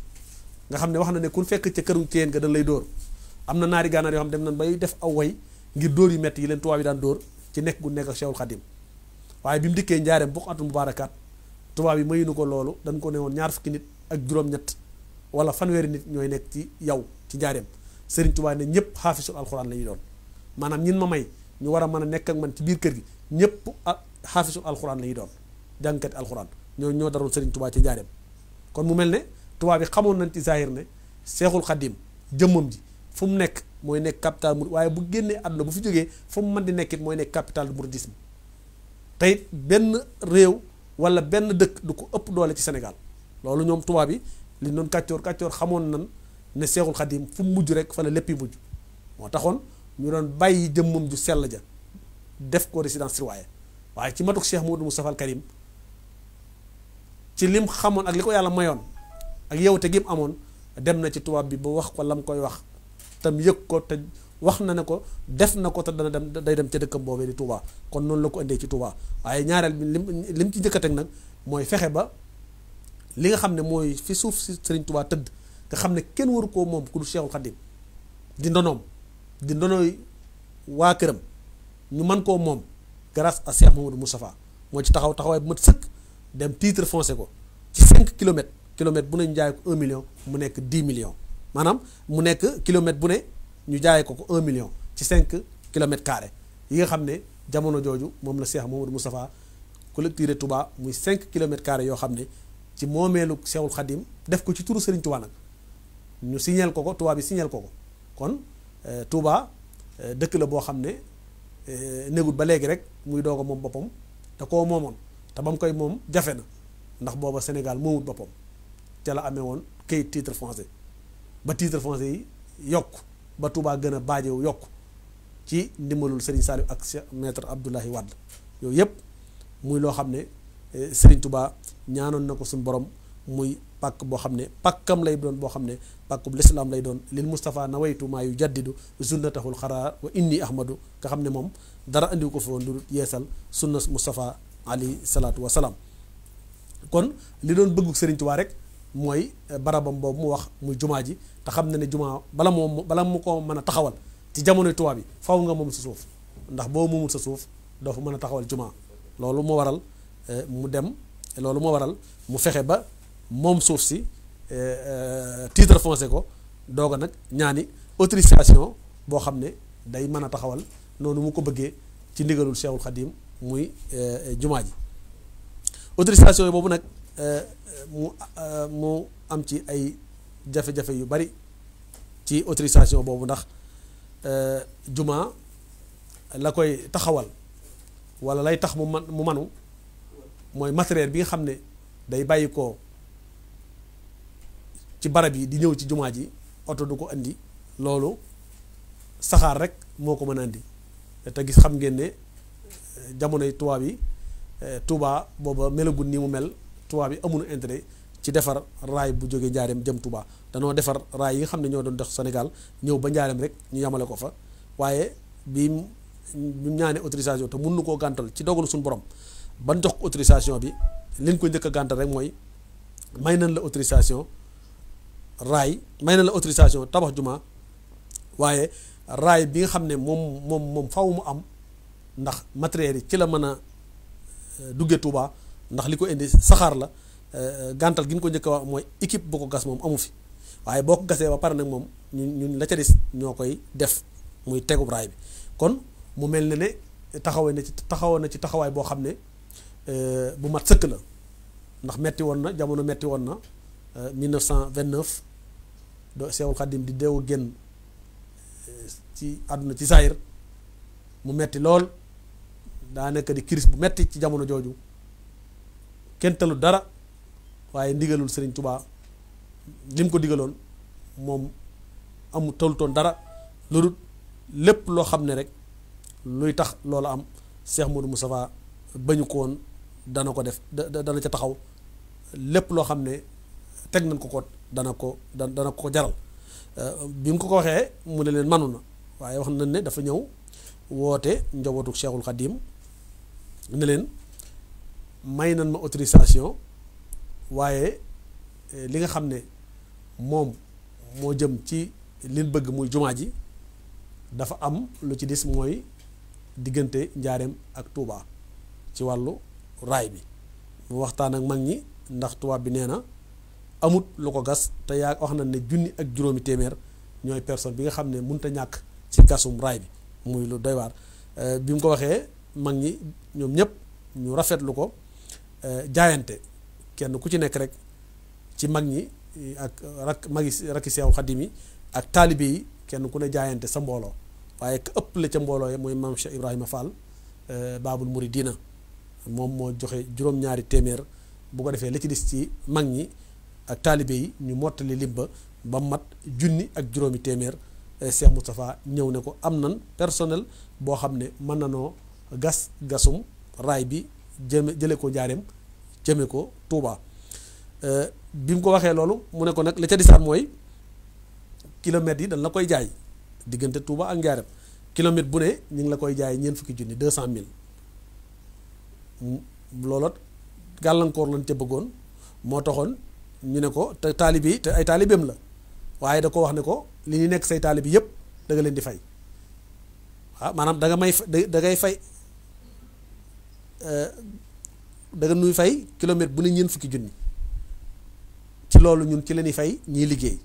nga xam ne wax na ne ku fekk ca këru ceen ga dañ lay dóor am na naari gànnaar yoo xam dem nañ bay def aw way ngir dóor yu metti yi leen tubaab yi daan dóor ci nekk gu nekk ak Cheikhul Khadim waaye bi mu dikkee njaareem bokk atum mubaarakaat tubaab yi mayuñu ko loolu dañ ko ne woon ñaar nit ak juróom wala fanweeri nit ñooy nekk ci yow ci njaareem sëriñ Tuubaa ne ñëpp xaafisul alxuraan la doon maanaam ñin ma may ñu war a mën a nekk ak man ci biir kër gi ñëpp ah xaafisul alxuraan la ñuy doon jàngkati ñoo ñoo daroon sëriñ ci njaareem kon mu mel ne tubaab yi xamoon nañ ci zahir ne seexul xadim jëmmam ji fu mu nekk mooy nekk capital murid waaye bu génnee àdduna bu fi jógee fu mu man di nekkit mooy nekk capital mouridisme tey benn réew wala benn dëkk du ko ëpp doole ci Sénégal loolu ñoom tubaab yi li ñu doon kàccoor kàccoor xamoon nañ ne seexul xaddiim fu mu mujj rek fa la léppi mujj moo taxoon ñu doon bàyyi jëmmam ju sell ja def ko résidence surveillée waaye ci matuk Cheikh Modou mu Al Karim ci lim xamoon ak li ko yàlla mayoon ak te gi mu amoon dem na ci tubaab bi ba wax ko lam koy wax tam yëg ko te wax na ne ko def na ko te dana dem day dem ca dëkkam boobee di Touba kon noonu la ko indee ci Touba waaye ñaareel bi lim lim ci njëkk a teg nag mooy fexe ba li nga xam ne mooy fi suuf si Serigne tëdd nga xam ne kenn waru koo moom ku du Cheikhul Khadim di ndonoom di ndonooy waa këram ñu mën koo moom grâce à Cheikh Mamadou Moustapha moo ci taxaw taxawaay bu mat sëkk dem titre foncé ko ci 5 kilomètres. kilomètre bu ne ñu jaay ko 1 million mu nekk 10 millions maanaam mu nekk kilomètre bu ne ñu jaay ko ko un million ci cinq kilomètres carrés yi nga xam ne jamono jooju moom la Cheikh Mamadou Moustapha collecté Touba muy 5 kilomètres carrés yoo xam ne ci moomeelu Cheikhul Khadim def ko ci turu Serigne Touba nag ñu signal ko ko Touba bi signal ko ko kon euh, Touba euh, dëkk la boo xam ne euh, négut ba léegi rek muy doog moom boppam te koo moomoon te ba mu koy moom jafe na ndax booba Sénégal moomut boppam. ca la amee woon kayit titre foncier ba titre foncier yi yokk ba tubaa gën a baajewu yokk ci ndimbalul Serigne Saliou ak Cheikh maître Abdoulaye Wade yooyu yëpp muy loo xam ne eh, Serigne tubaa ñaanoon na ko suñu borom muy pàkk boo xam ne pàkkam lay doon boo xam ne pàkkub lislaam lay doon lil Moustapha nawaytu maa yu jaddidu taxul xaraar wa inni ahmadu nga xam ne moom dara andiwu ko fi woon du yeesal sunna Moustapha alayhi salaatu wa kon li doon bëggu Serigne rek. mooy euh, barabam boobu mu wax muy jumaa ji te xam na ne jumaa bala moom bala mu ko mën a taxawal ci jamono tubaab bi faw nga moom si suuf ndax boo moomul sa suuf doo fa mën a taxawal jumaa loolu moo waral euh, mu dem loolu moo waral mu fexe ba moom suuf si euh, titre foncier ko doog nag ñaani autorisation boo xam ne day mën a taxawal noonu mu ko bëggee ci ndigalul Cheikhul Khadim muy jumaa ji autorisation yi boobu nag mu mu am ci ay jafe-jafe yu bari ci autorisation boobu ndax eh, juma la koy taxawal wala lay tax mu man mu manu mooy matériel bi nga xam ne day bàyyi ko ci barab yi di ñëw ci jumaa ji oto du ko indi loolu saxaar rek moo ko mën a indi te gis xam ngeen ne eh, jamonoy tubaab yi eh, Touba booba melagul ni mu mel tubaab bi amunu intérêt ci defar raay bu jógee njaareem jëm Touba danoo defar raay yi nga xam ne ñoo doon dox Sénégal ñëw ba njaareem rek ñu yamale ko fa waaye bi mu ñaane autorisation te mun na koo gàntal ci dogalu suñu borom ban jox autorisation bi liñ ko njëkk a gàntal rek mooy may nañ la autorisation raay may nañ la autorisation tabax juma waaye raay bi nga xam ne moom moom moom faw mu am ndax matériel yi ci la mën a euh, duggee Touba ndax li ko indi saxaar la euh, gàntal gi ñu ko njëkk a wax mooy équipe bu ko gas moom amu fi waaye boo ko gasee ba pare nag moom ñu ñun la ca des ñoo koy def muy tegu raay bi kon mu mel ne ne taxawee na ci taxawoo na ci taxawaay boo xam ne euh, bu mat sëkk la ndax metti woon na jamono metti woon na euh, cent 1929 do Seexul Xaddim di deewu génn ci àdduna ci saayir mu metti lool daa nekk di crise bu metti ci jamono jooju kenn talu dara waaye ndigalul Sëriñ Tubaa lim ko digaloon moom amu talutoon dara loolu lépp loo xam ne rek luy tax loola am Cheikh Modou Moustapha bañu ko woon dana ko def dana ca taxaw lépp loo xam ne teg nañ ko ko dana ko dana ko jaral euh, bi mu ko ko waxee mu ne leen manu na waaye wax nañ ne dafa ñëw woote njabootu Cheikhul Khadim ne leen may nan ma autorisation waaye eh, li nga xam ne moom moo jëm ci liñ bëgg muy jumaa ji dafa am lu ci dis mooy diggante njaareem ak Touba ci wàllu raay bi mu waxtaan ak mag ñi ndax tubaab bi nee na amut lu ko gas te yaa wax na ne junni ak juróomi téeméer ñooy personne bi nga xam ne mënut a ñàkk ci gasum raay bi muy lu doy waar eh, bi mu ko waxee mag ñi ñoom ñëpp ñu rafetlu ko jaayante kenn ku ci nekk rek ci mag ñi ak rak magi rakki seew xadim ak taalibe yi kenn ku ne jaayante sa mbooloo waaye ka ëpp la ca mbooloo ya mooy maam Cheikh Ibrahima Fall eh, baabul muridina moom moo joxe juróom-ñaari téeméer bu ko defee la ci des ci mag ñi ak taalibe yi ñu mottali lim ba ba mat junni ak juróomi téeméer eh, Cheikh Moustapha ñëw ne ko am nan personnel boo xam ne mën na noo gas gasum raay bi jëme jële ko njaareem jëme ko Touba euh, bi mu ko waxee loolu mu ne ko nag la ca disaat mooy kilomètres yi dañ la koy jaay diggante Touba ak njaareem kilomètre bu ne ñu ngi la koy jaay ñeent fukki junni deux cent mille looloot gàllankoor lañ ca bëggoon moo taxoon ñu ne ko te taalibi te ay taalibeem la waaye da ko wax ne ko li ñu nekk say taalibi yëpp danga leen di fay ah maanaam danga may da ngay fay da nga nuy fay kilomètre bu ne ñeent fukki junni ci loolu ñun ci la ñuy fay ñiy liggéey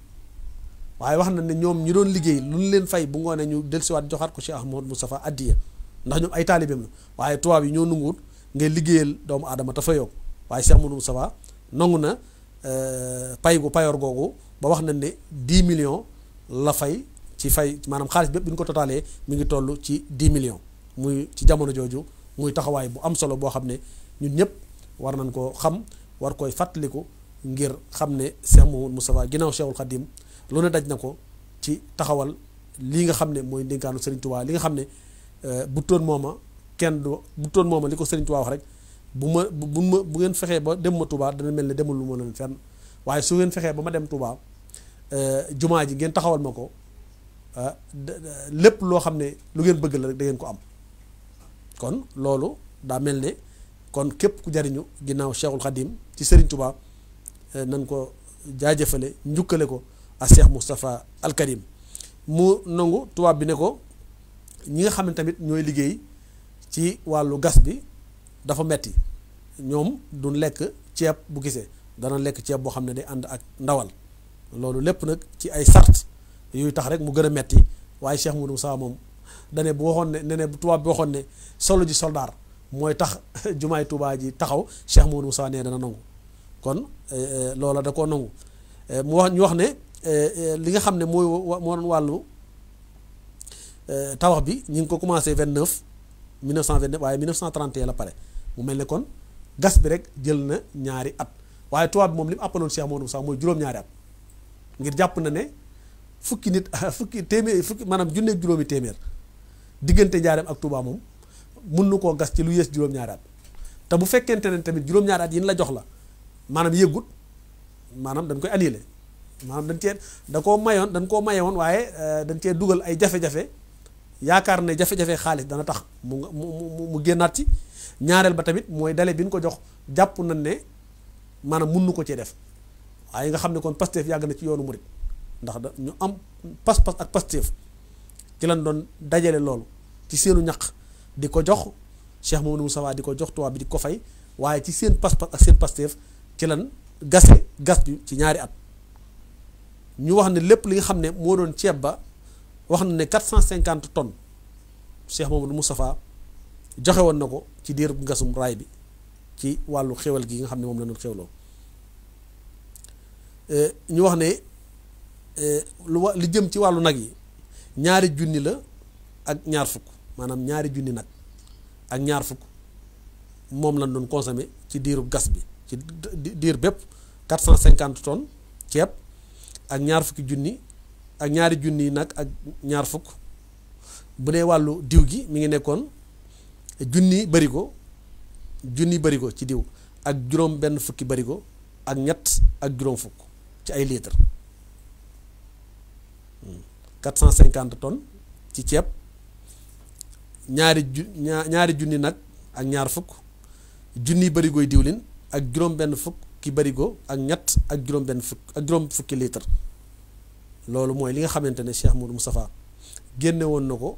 waaye wax na ne ñoom ñu doon liggéey lu ñu leen fay bu ngoonee ñu dellusiwaat joxaat ko Cheikh Ahmadou Moustapha addiya ndax ñoom ay taalibeem la waaye tubaab yi ñoo nanguwul ngay liggéeyal doomu aadama te fayoo waaye Cheikh Ahmadou Moustapha nangu na euh, pay gu payoor googu ba wax na ne 10 million la fay ci fay maanaam xaalis bépp bi ñu ko totaalee mi ngi toll ci 10 millions muy ci jamono jooju. muy taxawaay bu am solo boo xam ne ñun ñëpp war nañ koo xam war koy fàttaliku ngir xam ne Cheikh mu Moustapha ginnaaw Cheikhul Khadim lu ne daj na ko ci taxawal lii nga xam ne mooy ndénkaanu Serigne Touba li nga xam ne euh, bu toon mooma kenn du bu toon mooma li ko Serigne Touba rek bu ma bu ma bu ngeen fexee ba dem ma Touba dana mel ne demul lu ma leen fenn waaye su ngeen fexee ba ma dem Touba euh, jumaa ji ngeen taxawal ma ko euh, lépp loo xam ne lu ngeen bëgg la rek da ngeen ko am kon loolu daa mel ne kon képp ku jariñu ginnaaw cheikhul xadim ci Serigne Touba eh, nan ko jaajëfale njukkale ko a cheikh Moustapha al mu nangu tubaab bi ne ko ñi nga xam ne tamit ñooy liggéey ci wàllu gas bi dafa metti ñoom du lekk ceeb bu gisee dana lekk ceeb boo xam ne day ànd ak ndawal loolu lépp nag ci ay sart yuy tax rek mu gën a metti waaye cheikh Moudou saa moom dane bu waxoon ne ne ne tubaab bi waxoon ne solo ji soldaar mooy tax jumaay tubaa ji taxaw Cheikh Mouhamadou Moussa dana nangu kon eh, eh, loola da koo nangu eh, mu wax ñu wax ne li nga xam ne mooy moo doon wàllu tabax bi ñu ngi ko commencé 29 1929 waaye 1931 la pare mu mel ne kon gas bi rek jël na ñaari at waaye tubaab bi moom li mu àppaloon Cheikh Mouhamadou Moussa mooy juróom-ñaari at ngir jàpp na ne fukki nit fukki téeméer fukki maanaam junneeg juróomi téeméer diggante njaareem ak Touba moom munu na koo gas ci lu yées juróom-ñaari te bu fekkente ne tamit juróom-ñaari yi ñu la jox la maanaam yëggut maanaam dañ koy annulé maanaam dañ cee da koo mayoon dañ koo mayoon waaye euh, dañ cee dugal ay jafe-jafe yaakaar ne jafe-jafe xaalis dana tax mu mu mu génnaat ci ñaareel ba tamit mooy dale bi ñu ko jox jàpp nañ ne maanaam mun ko cee def waaye nga xam ne kon Pastef yàgg na ci yoonu murit ndax da ñu am pas-pas ak Pastef ci lañ doon dajale loolu ci seenu ñaq di ko jox Cheikh Mamadou Moustapha di ko jox tubaab bi di ko fay waaye ci seen pas-pas ak seen pasteef ci lan gase gas bi ci ñaari at ñu wax ne lépp li nga xam ne moo doon ceeb ba wax na ne 450 tonnes Cheikh Mamadou Moustapha joxe woon na ko ci diir ngasum bi ci wàllu xéwal gi nga xam ne moom la doon xéwloo eh, ñu wax ne eh, lu wa li jëm ci wàllu nag yi ñaari junni la ak ñaar fukk maanaam ñaari junni nag ak ñaar fukk moom lañ doon consommé ci diiru gas bi ci diir bépp 450 tonnes ceeb ak ñaar fukk junni ak ñaari junni yi nag ak ñaar fukk bu dee wàllu diw gi mi ngi nekkoon junni barigo junni barigo ci diw ak juróom benn fukki barigo ak ñett ak juróom fukk ci ay litres hmm. cinquante tonnes ci ceeb ñaari ju ñaari junni nag ak ñaar fukk junni barigoy diwlin ak juróom benn fukk ki barigo ak ñett ak juróom benn fukk ak juróom fukki litre loolu mooy li nga xamante ne Cheikh Moudou Moustapha génne woon na ko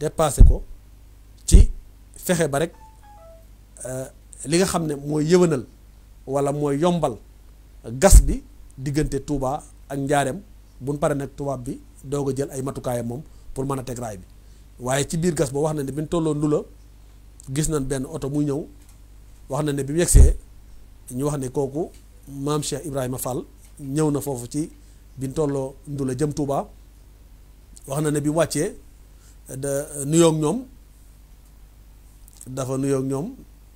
dépassé ko ci fexe ba rek euh, li nga xam ne mooy yëwënal wala mooy yombal gas bi diggante tuubaa ak njaareem buñ pare nag tubaab bi doog a jël ay matukaayam moom pour mën a teg raay bi waaye ci biir gas ba wax na ne bi ñu tolloon lu la gis nañ benn oto muy ñëw wax na ne bi mu yegsee ñu wax ne kooku maam Cheikh Ibrahima Fall ñëw na foofu ci bi ñu tolloo ndula jëm Touba wax na ne bi mu wàccee da nuyoo ñoom dafa nuyoo ñoom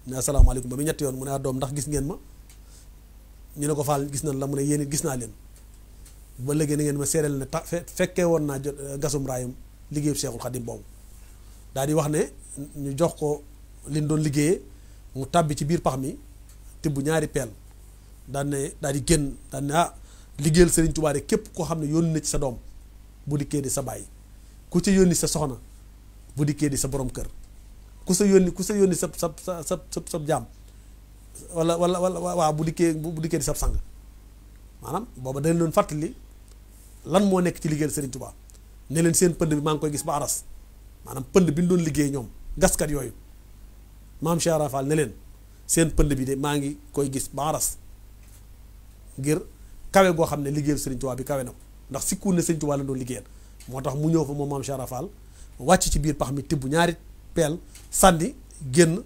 ne asalaamaaleykum ba mu ñetti yoon mu ne ah doom ndax gis ngeen ma ñu ne ko faal gis na la mu ne yéen gis naa leen ba léegi na ngeen ma seereel ne ta fekkee woon naa jot gasum raayam liggéeyu Seexul Xadim boobu daal di wax ne ñu jox ko liñ doon liggéeyee mu tàbbi ci biir pax mi tibb ñaari peel daan ne daal di génn daan ne ah liggéeyal Serigne Touba de képp koo xam ne yónni na ci sa doom bu dikkee di sa bàyyi ku ci yónni sa soxna bu dikkee di sa boroom kër ku sa yónni ku sa yónni sa sa sa sa sa jaam wala wala wala waaw bu dikkee bu dikkee di sa sang maanaam booba dañ leen fàttali lan moo nekk ci liggéeyal Serigne Touba. ne leen seen pënd bi maa ngi koy gis ba aras maanaam pënd bi ñu doon liggéey ñoom gaskat yooyu maam Cheikh Ibra leen seen pënd bi de maa ngi koy gis ba aras ngir kawe goo xam ne liggéeyal Sëriñ Tuubaa bi kawe na ko ndax sikkuun ne Sëriñ Tuubaa la moo tax mu ñëw fa moom maam Cheikh wàcc ci biir pax mi tibb ñaari peel sànni génn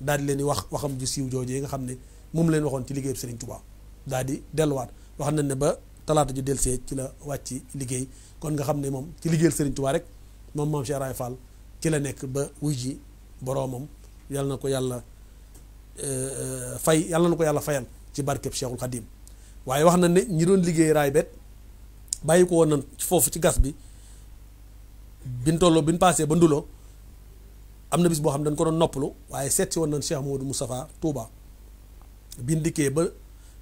daal leen di wax waxam ju siiw jooju yi nga xam ne moom leen waxoon ci liggéeyam Serigne Touba daal di delluwaat wax nañ ne ba talaata del delsee ci la wàcc liggéey kon nga xam ne moom ci liggéeyal Serigne Touba rek moom maam Cheikh Ibra Fall ci la nekk ba wuy ji boroomam yàlla na ko yàlla euh, euh, fay yàlla na ko yàlla fayal ci barkeb Cheikhul Khadim waaye wax na ne ñi doon liggéey raay bet bàyyi ko woon na foofu ci gas bi biñ tolloo nu paasee ba nduloo am na bis boo xam ne dañ ko doon noppalu waaye seet si woon nañ Cheikh Modou Moustapha Touba biñ dikkee ba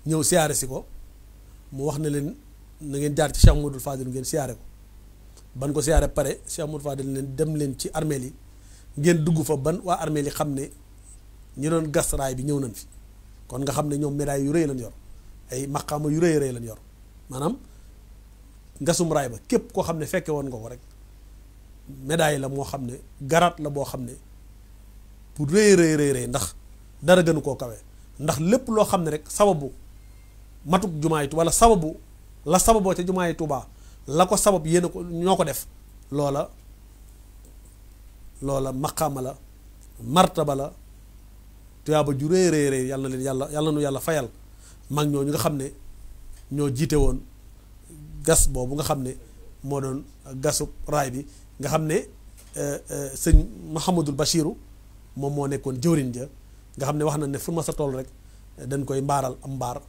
ñëw siyaare si ko mu wax na leen na ngeen jaar ci Cheikh dul Fadel ngeen siyaare ko ban ko siyaare pare Cheikh Modou Fadel leen dem leen ci armeel yi ngeen dugg fa ban waa armeel yi xam ne ñi doon gas raay bi ñëw nañ fi kon nga xam ne ñoom médaille yu rëy lañ yor ay maqaama yu rëy rëy lañ yor maanaam ngasum raay ba képp koo xam ne fekke woon nga ko rek médaille la moo xam ne garaat la boo xam ne pour rëy rëy rëy ndax dara gënu koo kawe ndax lépp loo xam ne rek sababu matuk jumaa yi Tuuba wala sababu la sababoo ca jumaa yi Tuuba la ko sabab yéen ko ñoo ko def loola loola maqaama la martaba la tuyaaba ju réy réy réy yàlla na leen yàlla yàlla nu yàlla fayal mag ñoo ñu nga xam ne ñoo jiite woon gas boobu nga xam ne moo doon gasu raay bi nga xam ne euh, euh, sëñ Mouhamadul Bachiru moom moo nekkoon jëwriñ ja nga xam ne wax na ne fu ma sa tool rek dañ koy mbaaral am mbaar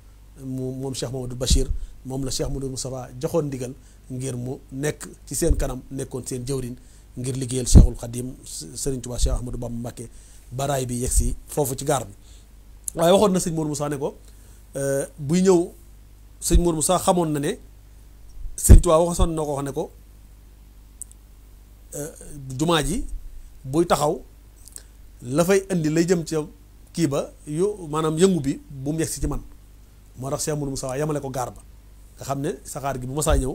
mu moom Cheikh Mamadou Bachir moom la Cheikh Mamadou Moustapha joxoon ndigal ngir mu nekk ci seen kanam nekkoon seen jëwrin ngir liggéeyal Cheikhul Khadim Serigne Touba Cheikh Ahmadou Bamba Mbacké baraay bi yegg si foofu ci gaar bi waaye waxoon na sëñ Mourou Moussa ne ko euh, buy ñëw sëñ Mourou xamoon na ne sëñ Touba na ko wax ne ko euh, jumaa ji buy taxaw la fay indi lay jëm ci kii ba yu maanaam yëngu bi bu mu si ci man moo tax Cheikh mu Moussa yamale ko gaar ba nga xam ne saxaar gi bu masaa ñëw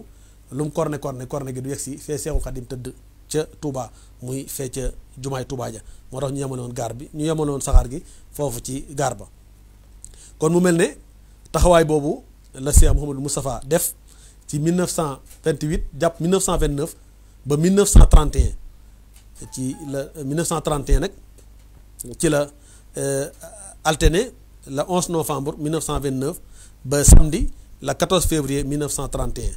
lu mu korne korne korne gi du yegg si fee Seexul Xadim tëdd ca Touba muy fee ca jumaay Touba ja moo tax ñu yemale woon gaar bi ñu yemale woon saxaar gi foofu ci gaar ba kon mu mel ne taxawaay boobu la Cheikh Mouhamadou Moustapha def ci 1928 jàpp 1929 ba 1931 ci la 1931 nag ci la euh, alterné le 11 novembre 1929 ba samedi le 14 février 1931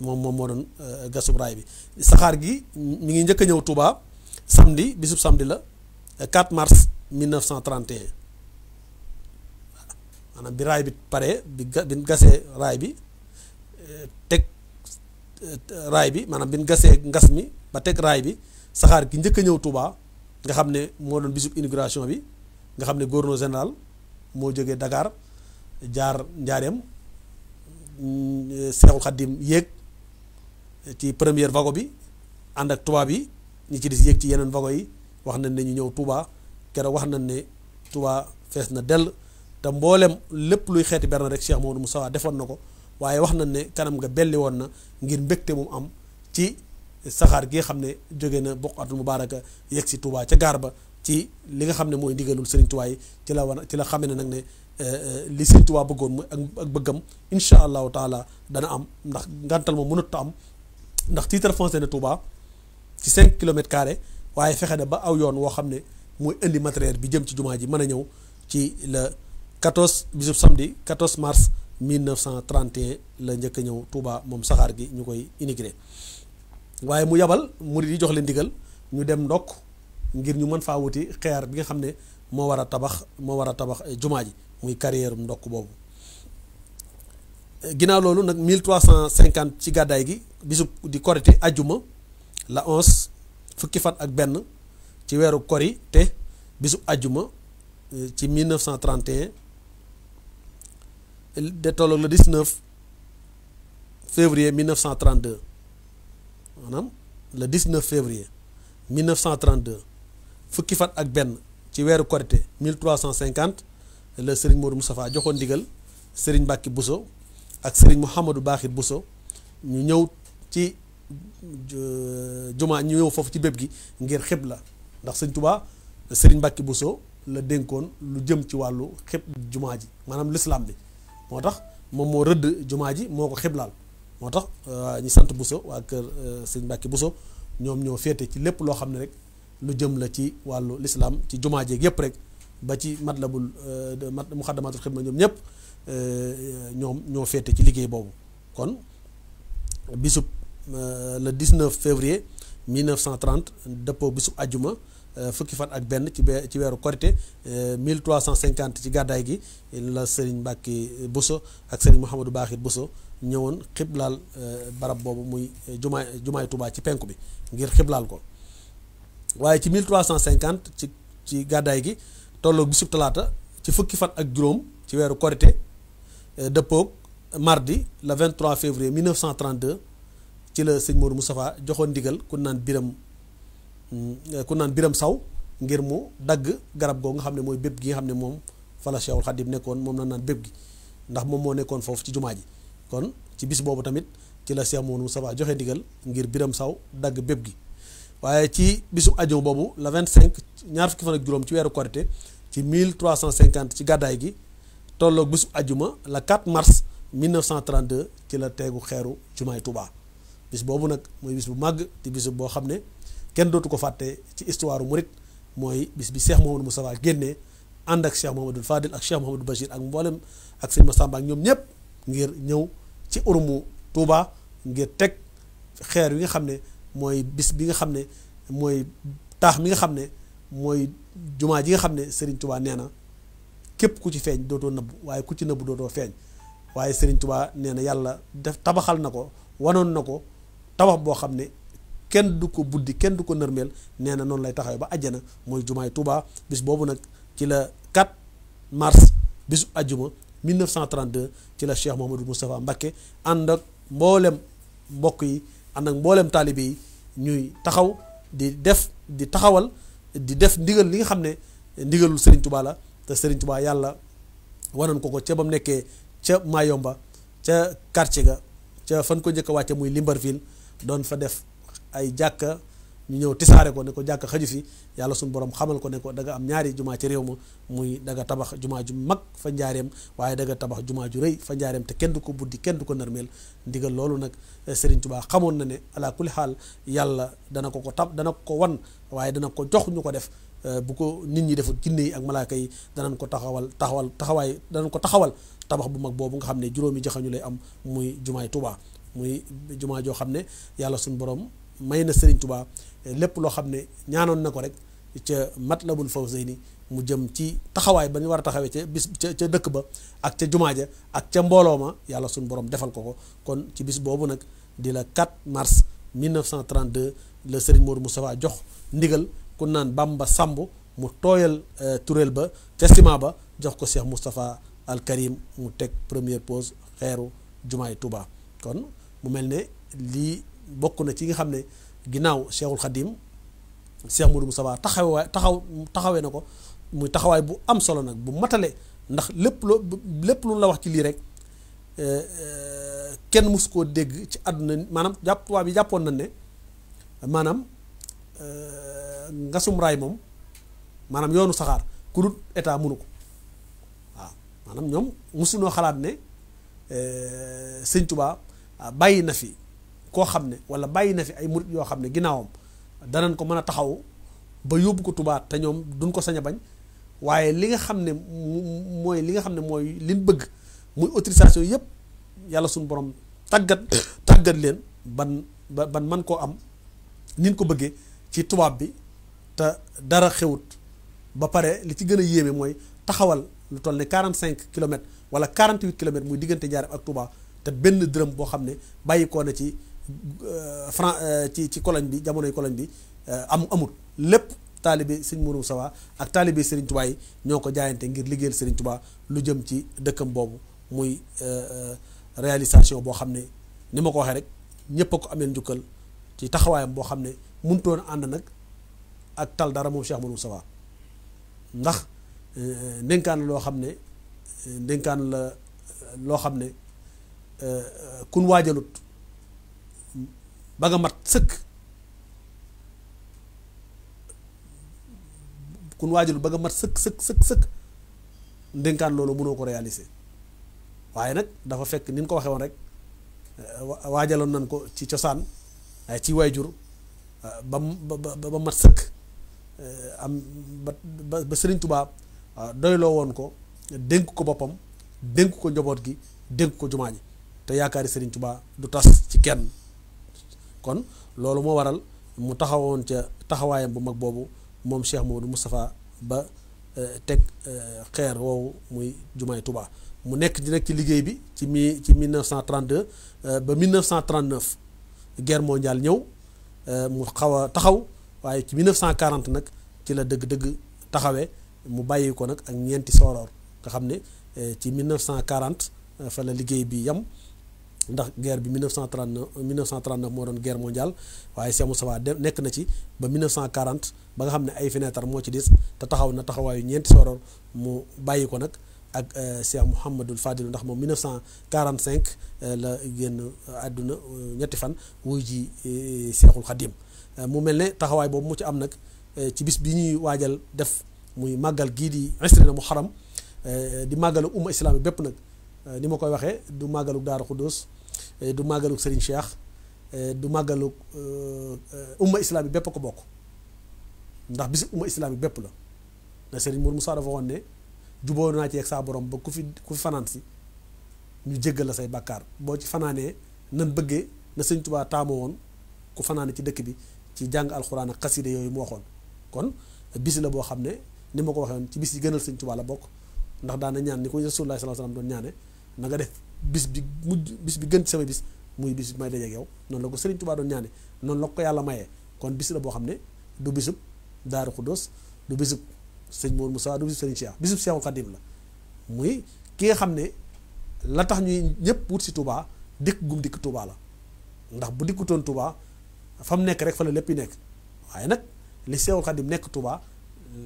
moom moom moo doon euh, gasub raay bi saxaar gi mi ngi njëkk a ñëw Touba samedi bisub samedi la 4 euh, mars 1931 maanaam bi raay bi pare bi ga bi gasee raay bi euh, teg raay bi maanaam bi gasee ngas mi ba teg raay bi saxaar gi njëkk ñëw Touba nga xam ne moo doon bisub inauguration bi nga xam ne gouverneur général moo jógee Dakar jaar Njaareem mm, Seexul Xaddim yéeg ci première vago bi ànd ak tubaab yi ñu ci dis yéeg ci yeneen vago yi wax nañ ne ñu ñëw Touba keroog wax na ne tubaa fees na dell te mboolem lépp luy xeeti berne rek Cheikh mu sawaa defoon na ko waaye wax nañ ne kanam nga belli woon na ngir mbégte mu am ci saxaar gi xam ne jóge na boq boqatul mubaaraka yegg si tubaa ca gaar ba ci li nga xam ne mooy ndigalul Serigne tuwaay yi ci la war ci la xamee ne nag ne euh, euh, li Serigne Touba bëggoon mooy ak bëggam incha allahu taala dana am ndax ngantal moom mënut a am ndax titre foncier ne Touba ci 5 kilomètres carrés waaye fexe na ba aw yoon woo xam ne mooy indi matériel bi jëm ci jumaa ji mën a ñëw ci le 14 bisub samedi 14 mars 1931 la njëkk a ñëw Touba moom saxaar gi ñu koy intégré waaye mu yabal mu di jox leen ndigal ñu dem ndokk ngir ñu mën faa wuti xeer bi nga xam ne moo war a tabax moo war a tabax eh, jumaa ji muy carrière ndokk boobu eh, ginnaaw loolu nag mille 1350 ci gàddaay gi bisub di korite ajjuma la 11 fukki fan ak benn ci weeru kori te bisub ajjuma eh, ci 1931 de tolloog le 19 février 1932 maanaam le 19 février 1932 fukki fan ak benn ci weeru korité 1350 la Serigne Modou Moustapha joxoon ndigal Serigne Mbacke Bousso ak Serigne Mouhamadou Baaxir Bousso ñu ñëw ci jumaa ñu ñëw foofu ci bépp gi ngir la ndax Serigne Touba Serigne Mbacke Bousso la dénkoon lu jëm ci wàllu xib jumaa ji maanaam l'islam bi moo tax moom moo rëdd jumaa ji moo ko laal moo tax euh, ñu sant Bousso waa kër euh, Serigne Mbacke Bousso ñoom ñoo féete ci lépp loo xam ne rek. lu jëm la ci wàllu lislaam ci jumaa jeeg yëpp rek ba ci matlabul euh, muxaddamatul xidma ñoom ñëpp euh, ñoom ñoo féete ci liggéey boobu kon bisub euh, le 19 février 1930 dëppoo bisub ajjuma fukki fan ak benn ci ci weeru korité cinquante ci gàddaay gi la Serigne Mbacke Bousso ak Serigne Mouhamadou Baaxir Bousso ñëwoon xiblaal barab boobu muy jumaay jumaay Touba ci penku bi ngir xiblaal ko waaye ci 1350 ci ci gàddaay gi tolloog bisub talaata ci fukki fat ak juróom ci weeru korite euh, dëppoog mardi la 23 février 1932 ci la sëñ Modou Moustapha joxoon ndigal ku naan biram euh, ku naan biram saw ngir mu dagg garab googu nga xam ne mooy bépp gi nga xam ne moom fala Cheikhul Khadim nekkoon moom la naan bépp gi ndax moom moo nekkoon foofu ci jumaa ji kon ci bis boobu tamit ci la Cheikh Modou Moustapha joxe ndigal ngir biram saw dagg bépp gi waaye ci bisub ajjuma boobu la vingt 25 ñaar fukki fan juróom ci weeru korité ci 1350 ci gàddaay gi tolloog bisub ajjuma la 4 mars 1932 ci la teegu xeeru jumaay Touba bis boobu nag mooy bis bu màgg di bis boo xam ne kenn dootu ko fàtte ci histoire murit mooy bis bi Cheikh mu Moustapha génnee ànd ak Cheikh Mouhamadou Fadil ak Cheikh Mouhamadou Bachir ak mboolem ak sëñ Massamba ak ñoom ñëpp ngir ñëw ci urumu Touba ngir teg xeer yi nga xam ne mooy bis bi nga xam ne mooy taax mi nga xam ne mooy jumaa ji nga xam ne Serigne Touba nee na képp ku ci feeñ dootoo nëbbu waaye ku ci nëbbu dootoo feeñ waaye Serigne Touba nee na yàlla def tabaxal na ko wanoon na ko tabax boo xam ne kenn du ko buddi kenn du ko nërmeel nee na noonu lay taxawee ba àjjana mooy yi tubaa bis boobu nag ci la 4 mars bisu àjjuma 1932 ci la Cheikh Mouhamadou Moustapha Mbacké ànd ak mboolem mbokk yi. ànd ak mbooleem taalibe yi ñuy taxaw di def di taxawal di def ndigal li nga xam ne ndigalul Serigne Touba la te Serigne Touba yàlla wanoon ko ko ca ba mu nekkee ca Mayomba ca kàrce ga ca fan ko njëkk wàcce muy Limbarville doon fa def ay jàkka ñu ñëw tisaare ko ne ko jàkk xaju fi yàlla suñu borom xamal ko ne ko da am ñaari jumaa ci réew ma muy daga nga tabax jumaa ju mag fa njaareem waaye da tabax jumaa ju rëy fa njaareem te kenn du ko buddi kenn du ko narmeel ndigal loolu nag eh, Serigne Touba xamoon na ne ala kulli xaal yàlla dana ko ko tab dana ko ko wan waaye dana ko jox ko def eh, bu ko nit ñi defut jinne yi ak malaaka yi danañ ko taxawal taxawal taxawaay danañ ko taxawal tabax bu mag boobu nga xam ne juróomi jaxañu lay am muy jumaay tubaa muy jumaa joo xam ne yàlla suñu borom may na Serigne Touba lépp loo xam ne ñaanoon na ko rek ca Matlabul ni mu jëm ci taxawaay ba ñu war a taxawee ca bis ca ca dëkk ba ak ca jumaa ja ak ca mbooloo ma yàlla suñu borom defal ko ko kon ci bis boobu nag di la 4 mars 1932 la Serigne Modou Moustapha jox ndigal ku naan Bamba sàmb mu tooyal euh, tureel ba testament ba jox ko Cheikh Moustapha Al Karim mu teg première pose xeeru jumaay Touba kon mu mel ne lii bokk na ci nga xam ne ginnaaw Cheikhul Khadim Cheikh Modou Moustapha taxawaay taxaw taxawee na ko muy taxawaay bu am solo nag bu matale ndax lépp loo lépp lu la wax ci lii rek eh, eh, kenn mus koo dégg ci àdduna maanaam jàpp tubaab yi jàppoon na ne maanaam eh, ngasum raay moom maanaam yoonu saxaar ku dul état mënu ko waaw maanaam ñoom musunoo xalaat ne sëñ Tuubaa ah, bàyyi na fi koo xam ne wala bàyyi na fi ay murit yoo xam ne ginnaawam danañ ko mën a taxaw ba yóbbu ko Tuubaa te ñoom duñ ko sañ a bañ waaye li nga xam ne mooy li nga xam ne mooy liñ bëgg muy autorisation yëpp yàlla suñu borom tàggat tàggat leen ban ba ban man koo am nin ko bëggee ci tubaab bi te dara xewut ba pare li ci gën a yéeme mooy taxawal lu toll ne 45 kilomètres wala 48 kilomètres muy diggante Njaaréem ak Touba te benn dërëm boo xam ne bàyyi koo na ci Euh, Fran euh, ci ci Cologne bi jamonoy Cologne bi euh, am amut lépp taalibe sëñ Mourou sawaa ak taalibe Serigne Touba ñoo ko jaayante ngir liggéeyal Serigne Touba lu jëm ci dëkkam boobu muy réalisation boo xam ne ni ma ko waxee rek ñëpp ko amee njukkal ci taxawaayam boo xam ne mënutoon ànd nag ak tal dara moom Cheikh Mourou Sawa ndax ndénkaan loo xam ne ndénkaan la loo xam ne kun waajalut. ba nga mat sëkk kun waajur ba nga mat sëkk sëkk sëkk sëkk ndénkaan loolu mënoo ko réaliser waaye nag dafa fekk ni ko waxe woon rek waajaloon nañ ko ci cosaan ay ci waajur ba ba mat sëkk eh, am ba ba Sëriñ Tuubaa ah, doyloo woon ko dénk ko boppam dénk ko njaboot gi dénk ko jumaa ji te yaakaari Sëriñ Tuubaa du tas ci kenn kon loolu moo waral mu taxawoon ca taxawaayam bu mag boobu moom Cheikh Mamadou Moustapha ba eh, teg eh, xeer woowu muy jumaay tubaa mu nekk di nekk ci liggéey bi ci mi ci 1932 eh, ba 1939 guerre mondiale ñëw mu xaw a taxaw waaye ci 1940 nag ci la dëgg-dëgg taxawe mu bàyyi ko nag ak ñeenti sooroor nga xam ne ci 1940 fa la liggéey bi yam ndax guerre bi 1939 1939 moo doon guerre mondiale waaye Cheikh Moustapha de nekk na ci ba 1940 ba nga xam ne ay fenêtre moo ci des te taxaw na taxawaayu ñeenti soror mu bàyyi ko nag ak euh, Cheikh Mouhamadul Fadilu ndax moom 1945 euh, la génn àdduna euh, ñetti fan wuy ji Cheikhul Khadim mu mel ne taxawaay boobu mu ci am nag ci bis bi ñuy waajal def muy màggal gii di isrina muharram di màggalu umma islaami bépp nag ni ma koy waxee du màggalu Daaru Xuddoos Euh, du màggalug Serigne Cheikh euh, du màggalug euh, umma islam bi bépp ko bokk ndax bisu umma islam bi bépp la na Serigne Mour Moussa dafa waxoon ne juboo naa ci ak saa borom ba ku fi ku fanaan si ñu jéggal la say bàkkaar boo ci fanaanee nan bëggee na Sëñ Tubaa taamoo woon ku fanaane ci dëkk bi ci jàng alxuraan ak xaside yooyu mu waxoon kon bis la boo xam ne ni ma ko waxee ci bis yi gënal Sëñ Tubaa la bokk ndax daana ñaan ni ko Rasulullah sallallahu alayhi doon ñaane na nga def bis bi mujj bis bi gën ci sama bis muy bis bi may dajeeg yow noonu la ko Serigne Touba doon ñaane noonu la ko yàlla mayee kon bis la boo xam ne du bisub Daaru Xuddoos du bisub sëñ Mor Moussa du bisub Serigne Cheikh bisub Cheikhul Khadim la muy ki nga xam ne la tax ñuy ñëpp wut si tubaa dikk gum dikk Touba la ndax bu dikkutoon tubaa fa mu nekk rek fa la lépp yi nekk waaye nag li Cheikhul Khadim nekk tubaa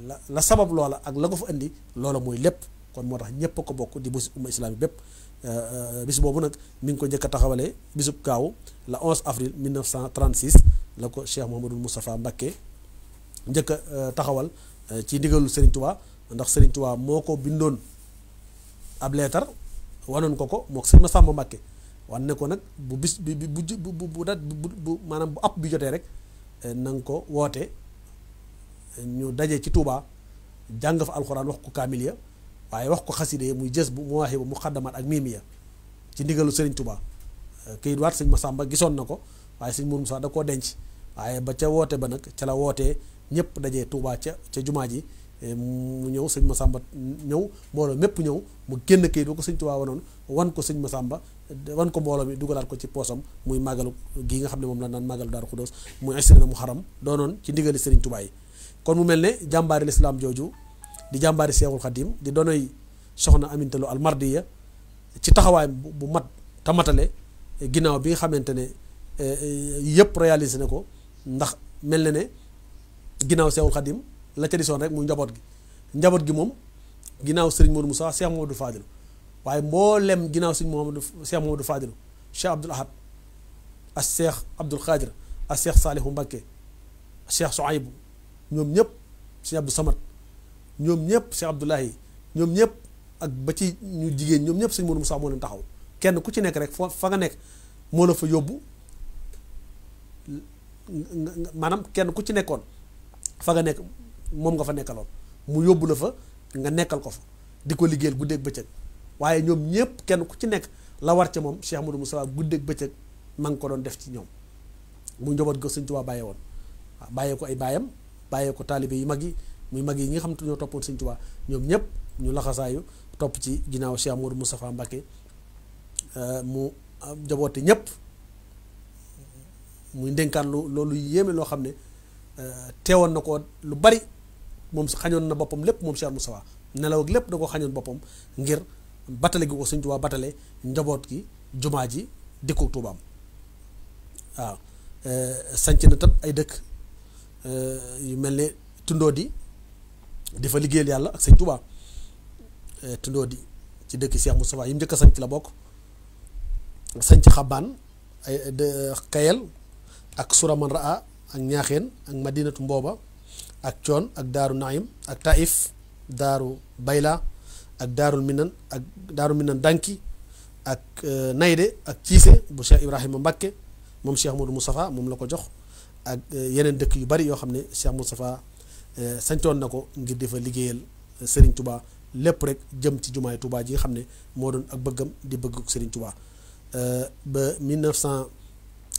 la la sabab loola ak la ko fa indi loola mooy lépp kon moo tax ñëpp ko bokk di bés umma bépp Euh, euh, bis boobu nag mi ngi ko njëkk a taxawalee bisub kaaw la 11 avril 1936 la ko Cheikh Mouhamadul Moustapha Mbacké njëkk a euh, taxawal ci ndigalul Serigne Touba ndax Serigne Touba moo ko bindoon ab leetar wanoon ko ko moo ko Serigne Massamba Mbacké wan ne ko nag bu bis bi bu bu bu dat bu maanaam bu app bi jotee rek na ko woote ñu dajee ci Touba jàng fa alxuraan wax ko kaamil ya waaye wax ko xaside yi muy jës bu mu mawaahiba muqaddamaat ak miimiya ci ndigalu Serigne Touba euh, këyit waat sëñ Massamba gisoon na ko waaye sëñ Mourou Moussa da koo denc waaye ba ca woote ba nag ca la wootee ñëpp dajee Touba ca ca jumaa ji euh, mu ñëw sëñ Massamba ñëw mbooloo mépp ñëw mu génn këyit ba ko sëñ Touba wanoon wan ko sëñ Massamba wan ko mbooloo mi dugalaat ko ci poosam muy màggalu gii nga xam ne moom la naan màggalu Daaru Xuddoos muy xaram doo doonoon ci ndigali Serigne Touba yi kon mu mel ne jàmbaari lislaam jooju di jàmbaari seexul xadim di donoy soxna Aminta Lo almardiya ci taxawaayam bu mat tamatale eh, ginnaaw bi nga xamante ne eh, eh, yëpp réalisé na ko ndax mel na ne ginnaaw seexul xadim la ca rek mu njaboot gi njaboot gi moom ginnaaw sëriñ Modou Moussa Cheikh du Fadilu waaye mboolem ginnaaw sëriñ Mamadou Cheikh Mamadou Fadilu Cheikh Abdoul Ahad ak Cheikh Abdoul Khadir ak Cheikh Salihu Mbacké Cheikh Soaybu ñoom ñëpp Cheikh Abdou Samad ñoom ñëpp Cheikh Abdoulahi ñoom ñëpp ak ba ci ñu jigéen ñoom ñëpp sëñ Modou Moussa moo leen taxaw kenn ku ci nekk rek fa fa nga nekk moo la fa yóbbu maanaam kenn ku ci nekkoon fa nekk moom nga fa nekkaloon mu yóbbu la fa nga nekkal ko fa di ko liggéeyal guddeeg bëccëg waaye ñoom ñëpp kenn ku ci nekk la war ca moom Cheikh Modou Moussa guddeeg bëccëg maa ngi ko doon def ci ñoom mu njaboot ko sëñ Tuubaa bàyyee woon waaw bàyyee ko ay baayam bàyyee ko taalibe yu mag yi muy mag yi nga xam te ñoo toppoon Sëñ Tuubaa ñoom ñëpp ñu laxasaayu topp ci ginnaaw Cheikh Modou Moustapha Mbacké euh, mu jaboote ñëpp muy ndénkaan lu loolu yéeme loo xam ne euh, teewoon na ko lu bari moom xañoon na boppam lépp moom Cheikh Moustapha nelaw ak lépp da ko xañoon boppam ngir batale gi ko Sëñ Tuubaa batale njaboot gi jumaa ji dikku Tuubaam waaw euh, sanc na tam ay dëkk yu mel ni tundoo di di fa liggéeyal yàlla ak sëñ Touba eh, tundoo di ci dëkk Cheikh Moustapha yi mu njëkk a sañ ci la bokk sañ ci ay kayel ak suraman raa ak ñaaxeen ak madinatu mbooba ak coon ak daaru naim ak taif daaru bayla ak daarul minan ak daaru minan dànki ak eh, nayde ak ciise bu cheikh ibrahima mbakke moom cheikh modou moustapha moom la ko jox ak eh, yeneen dëkk yu bari yoo xam ne cheikh moustapha Euh, sañtoon na ko ngir di fa liggéeyal euh, Serigne Touba lépp rek jëm ci jumaay Touba ji nga xam ne moo doon ak bëggam di bëgg Serigne Touba euh, ba 1900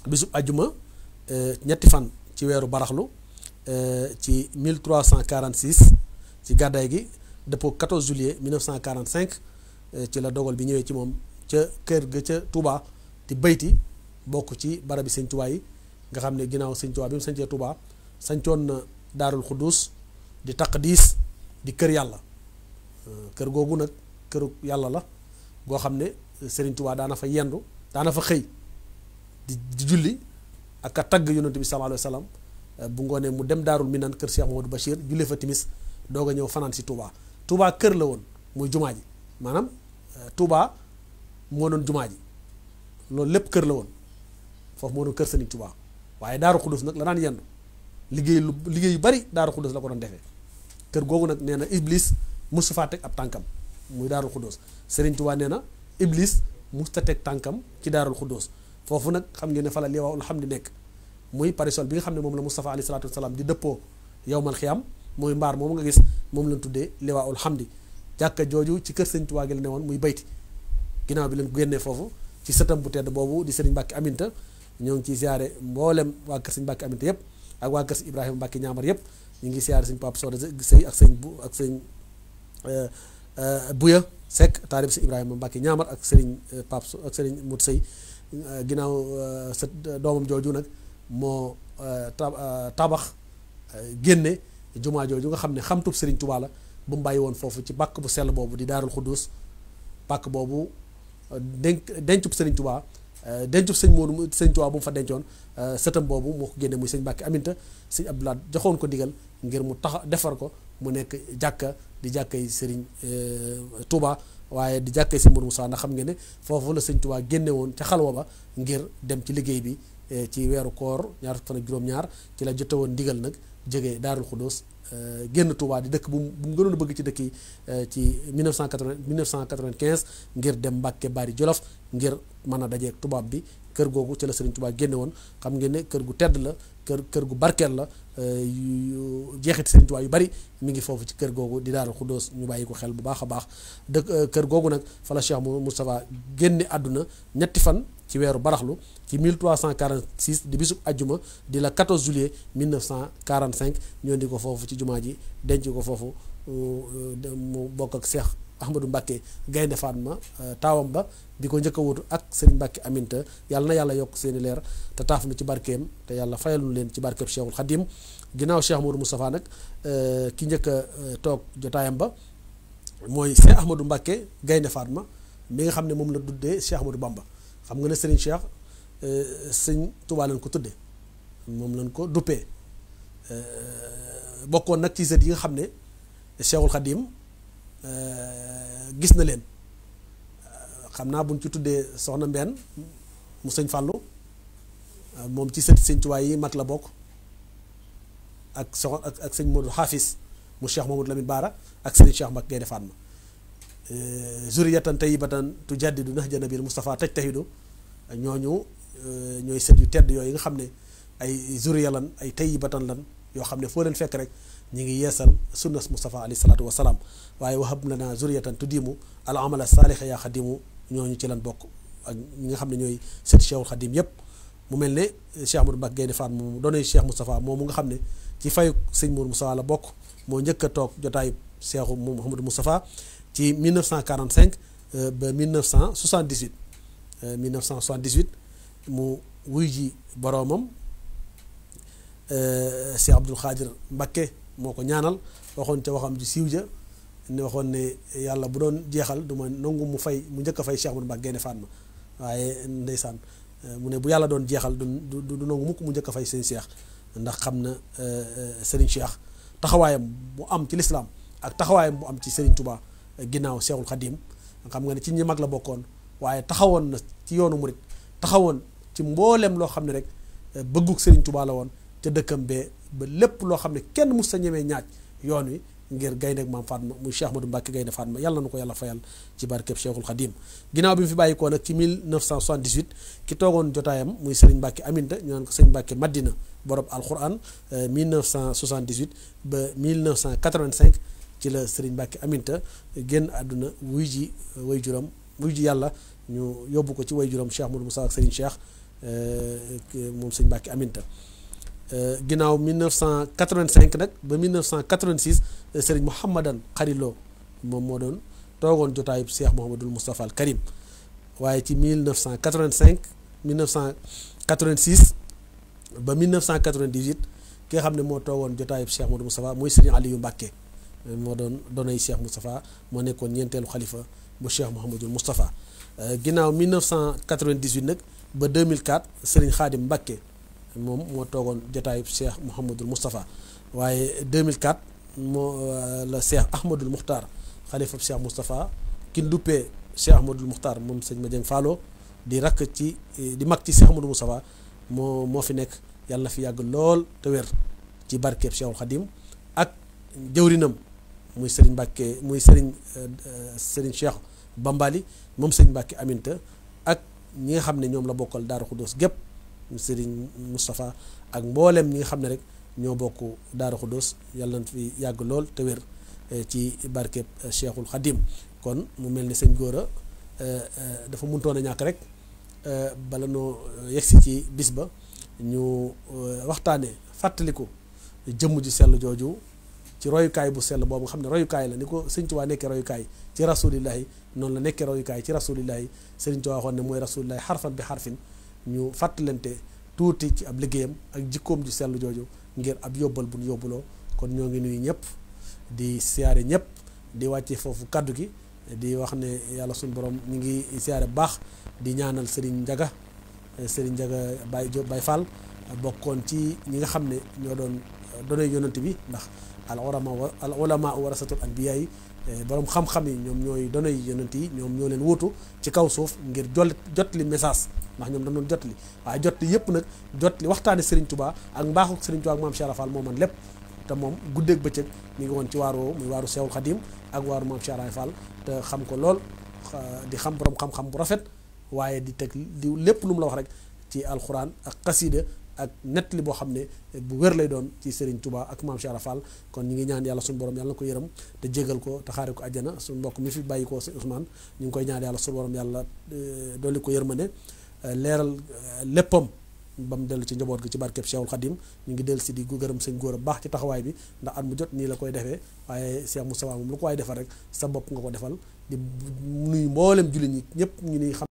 bisub ajuma ñetti fan ci weeru baraxlu ci 1346 ci gàddaay gi dëppoo 14 juillet 1945 ci la dogal bi ñëwee ci moom ca kër ga ca Touba di bayti bokk ci barabi Serigne Touba yi nga xam ne ginnaaw Serigne Touba bi mu sañcee Touba sañcoon na. daarul xuddus di diis di kër yàlla euh, kër googu nag këru yàlla la goo xam ne euh, Serigne tubaa daana fa yendu daana fa xëy di di julli ak a tagg yonent bi sallallahu alayhi euh, bu ngoonee mu dem daarul minan kër Cheikh Mamadou Bachir julli fa doog a ñëw fanaan si tubaa Touba kër la woon muy jumaa ji maanaam Touba moo doon jumaa ji loolu lépp kër la woon foofu moo doon kër Serigne tubaa waaye daaru xudus nag la daan yendu liggéey lu liggéey yu bari Daaru Xuddoos la ko doon defee kër googu nag nee na Iblis musu faa teg ab tànkam muy Daaru Xuddoos Serigne Touba nee na Iblis musu ta teg tànkam ci Daaru Xuddoos foofu nag xam ngeen ne fa la liwaawul xam di nekk muy parasol bi nga xam ne moom la Moustapha alayhi salaatu wasalaam di dëppoo yowmal xiyam mooy mbaar moom nga gis moom lañ tuddee liwaawul xam di jàkka jooju ci kër Serigne Touba gi la newoon muy bayti ginnaaw bi leen génnee foofu ci sëtam bu tedd boobu di Serigne Mbacke Aminta ñoo ngi ciy ziare mboolem waa kër Serigne Mbacke ak waa kër Ibrahima Mbacke ñaamar yëpp ñu ngi siyaare sëñ Pape Soda sëy ak sëñ bu ak sëñ euh, euh, Buya Seck taarib si Ibrahima Mbacke ñaamar ak sëriñ euh, Pape ak sëriñ Mout Sey ginnaaw sa doomam jooju nag moo tabax génne jumaa jooju nga xam ne xamtub sëriñ Touba la bu mu bàyyi woon foofu ci bàkk bu sell boobu di daarul xuddus bàkk boobu denc dencub sëriñ Touba Euh, dencu sëñ Modou sëñ Tuubaa bu mu fa dencoon euh, sëtam boobu moo ko génne muy sëñ Mbàkke Aminta sëñ Abdoulaat joxoon ko digal ngir mu tax defar ko mu nekk jàkka di jàkkay sëriñ euh, Touba waaye di jàkkay sëñ Modou Moussa ndax xam ngeen ne foofu la sëñ Tuubaa génne woon ca xalwa ba ngir dem ci liggéey bi ci weeru koor ñaar fan ak juróom-ñaar ci la jote woon ndigal nag jógee Daarul Xudóos Euh, génn Touba di dëkk bu mu gënoon bëgg ci dëkk yi euh, ci 1980 1995 ngir dem Mbàkke Bari Jolof ngir mën a dajeeg tubaab bi kër googu ci la Serigne Touba génne woon xam ngeen ne kër gu tedd la kër kër gu barkeel la euh, yu jeexiti Serigne Touba yu bari mu ngi foofu ci kër googu di Daaru Xuddoos ñu bàyyi ko xel bu baax a baax dëkk euh, kër googu nag fa la Cheikh Moustapha génne àdduna ñetti fan ci weeru baraxlu ci 1346 di bisub ajjuma di la 14 juillet 1945 ñoo di ko foofu ci jumaa ji denc ko foofu euh, mu bokk ak Cheikh Ahmadou Mbacke Gaynde Fatma euh, taawam ba bi ko njëkk a wutu ak Serigne Mbacke Aminta yàlla na yàlla yokk seeni leer te taaf na ci barkeem te yàlla fayalu leen ci barkeem Cheikhul Khadim ginnaaw Cheikh Modou Moustapha nag euh, ki njëkk a euh, toog jotaayam ba mooy Cheikh Ahmadou Mbacke Gaynde Fatma mi nga xam ne moom la duddee Cheikh Ahmadou Bamba xam nga ne Serigne Cheikh sëñ Touba lañ ko ko duppee bokkoon nag yi nga xam ne Cheikhul Euh, gis na leen euh, xam naa buñ ci tuddee soxna mbenn mu sëñ fàllu euh, moom ci sëti sëñ Tuubaa yi mag la bokk ak sox ak ak sëñ Modou Hafiz mu Cheikh Mamadou Lamine Baara ak sëriñ Cheikh Mbacke Gaynde Fatma zuriyatan tayyibatan tujaddidu nahja nabil Mustafa tajtahidu ñooñu ñooy sët tedd yooyu nga xam ne ay zuriya lan ay tayyibatan lan yoo xam ne foo leen fekk rek ñu ngi yeesal sunnas Mustafa alayhi salaatu wa salaam waaye wahab lana zuriyatan tuddimu al amala saalixa yaa xadimu ñooñu ci lan bokk ak ñi nga xam ne ñooy sët Cheikhul Xadim yépp mu mel ne Cheikh Amadou Mbacke Gaynde Fatma moomu doonay Cheikh Moustapha moomu nga xam ne ci fayu sëñ Mourou Moustapha la bokk moo njëkk a toog jotaayu Cheikhu Mouhamadou Moustapha ci 1945 euh, ba 1978 1978 euh, mu wuy ji boroomam euh, Cheikh Abdoul Khadir Mbacke moo ko ñaanal waxoon ca waxam ji siiw ja ne waxoon ne yàlla bu doon jeexal du ma nangu mu fay mu njëkk a fay Cheikh Ahmadou Mbacké Gaïndé Fatma waaye ndeysaan eh, mu ne bu yàlla doon jeexal du du du mukk mu njëkk a fay sëñ Cheikh ndax xam na eh, eh, Serigne Cheikh taxawaayam bu am ci lislaam ak taxawaayam bu am ci Serigne ginnaaw Cheikhul xam nga ne ci ñi mag la bokkoon waaye taxawoon na ci yoonu murit taxawoon ci mbooleem loo xam ne rek bëggug Serigne tubaa la woon ca dëkkam bee ba lépp loo xam ne kenn mu sa ñemee ñaaj yoon wi ngir gaynde ak maam Fatma muy Cheikh Ahmadou Mbacke gaynde ma yàlla na ko yàlla fayal ci barkeb Cheikhul Khadim ginnaaw bi mu fi bàyyikoo nag ci 1978 ki toogoon jotaayam muy Serigne Mbacke Aminta ñu naan ko Serigne Mbacke Madina borom alquran euh, ba 1985 ci la Serigne Mbacke Aminta génn àdduna wuy ji euh, way juram wuy ji yàlla ñu yóbbu ko ci way juram Cheikh mu Moussa ak Serigne Cheikh euh, moom Serigne Mbacke Aminta Euh, ginnaaw 1985 nag ba 1986 euh, Serigne Mouhamadan Xarilo moom moo doon toogoon jotaayub Cheikh Mouhamadul Moustapha al Karim waaye ci 1985 1986 ba 1998 ki nga xam ne moo toogoon jotaayub Cheikh Mouhamadul Moustapha muy Serigne yu Mbacke euh, moo doon donay Cheikh Moustapha moo nekkoon ñeenteelu xalifa bu Cheikh Mouhamadul Moustapha ginnaaw 1998 nag ba 2004 Serigne Khadim Mbacke. moom moo toogoon jotaayu Cheikh Mouhamadul Moustapha waaye 2004 moo euh, la Cheikh Ahmadul Muxtaar xalifa Cheikh Moustapha kin duppee Cheikh Ahmadul Muxtaar moom sëñ ma jëng Fallo di rakk ci eh, di mag ci Cheikh Ahmadul moo moo fi nekk yàlla fi yàgg lool te wér ci barkeeb Cheikhul Xadim ak jëwrinam muy Serigne Mbacke muy Serigne euh, euh, Serigne Cheikh Bambali moom Serigne Mbacke Aminta ak ñi nga xam ne ñoom la bokkal Daaru Xuddoos gépp Serigne Moustapha ak mbooleem ñi nga xam ne rek ñoo bokk Daara Khoudoss yàlla na fi yàgg lool te wér eh, ci barkeb eh, Cheikhul Khadim kon mu mel ni sëñ Gora eh, dafa muntoon a ñàkk rek bala noo yegsi ci bis ba ñu waxtaane fàttaliku jëmm ji sell jooju ci royukaay bu sell boobu nga xam ne royukaay la ni ko sëñ waa nekkee royukaay ci rasulillahi noonu la nekkee royukaay ci rasulillahi sëriñ Tuubaa waxoon ne mooy rasulillahi xarfan bi xarfin ñu fàttalante tuuti ci ab liggéeyam ak jikkoom ju sell jooju ngir ab yóbbal bu ñu yóbbuloo kon ñoo ngi nuyu ñëpp di siyaare ñëpp di wàcce foofu kàddu gi di wax ne yàlla suñu borom ñu ngi siyaare bu baax di ñaanal Serigne njaga eh, Serigne Ndiaga Baye Diop Baye bokkoon ci ñi nga xam ne ñoo doon doonay yonent bi ndax al ulama wa al ulama warasatul anbiya yi Eh, borom xam-xam yi ñoom ñooy donoy yonent yi ñoom ñoo leen wóotu ci kaw suuf ngir jol jot li message ndax ñoom dañu jot li waaye jot li yëpp nag jot li waxtaane Serigne Touba ak mbaaxul Serigne Touba ak maam Cheikh moo man lépp te moom guddeeg bëccëg mi ngi woon ci waaroo muy waaru Seexul Xadim ak waaru maam Cheikh Rafal te xam ko lool di xam borom xam-xam bu rafet waaye di teg di lépp lu mu la wax rek ci alxuraan ak xasida ak nett li boo xam ne bu wér lay doon ci Serigne tubaa ak maam Cheikh Fall kon ñi ngi ñaan yàlla suñu borom yàlla na ko yërëm te jégal ko te xaare ko àjjana suñu mbokk mi fi bàyyi ko Serigne Ousmane ñu ngi koy ñaan yàlla suñu borom yàlla euh, dolli ko yërmande euh, leeral euh, léppam ba mu dellu ci njaboot gi ci barkeb Cheikhul Khadim ñu ngi dellu si di gu gërëm sëñ góor a baax ci taxawaay bi ndax at mu jot nii la koy defee waaye Cheikh Moussa moom lu ko waaye defal rek sa bopp nga ko defal di nuyu mboolem jullit ñi ñëpp ñu ni xam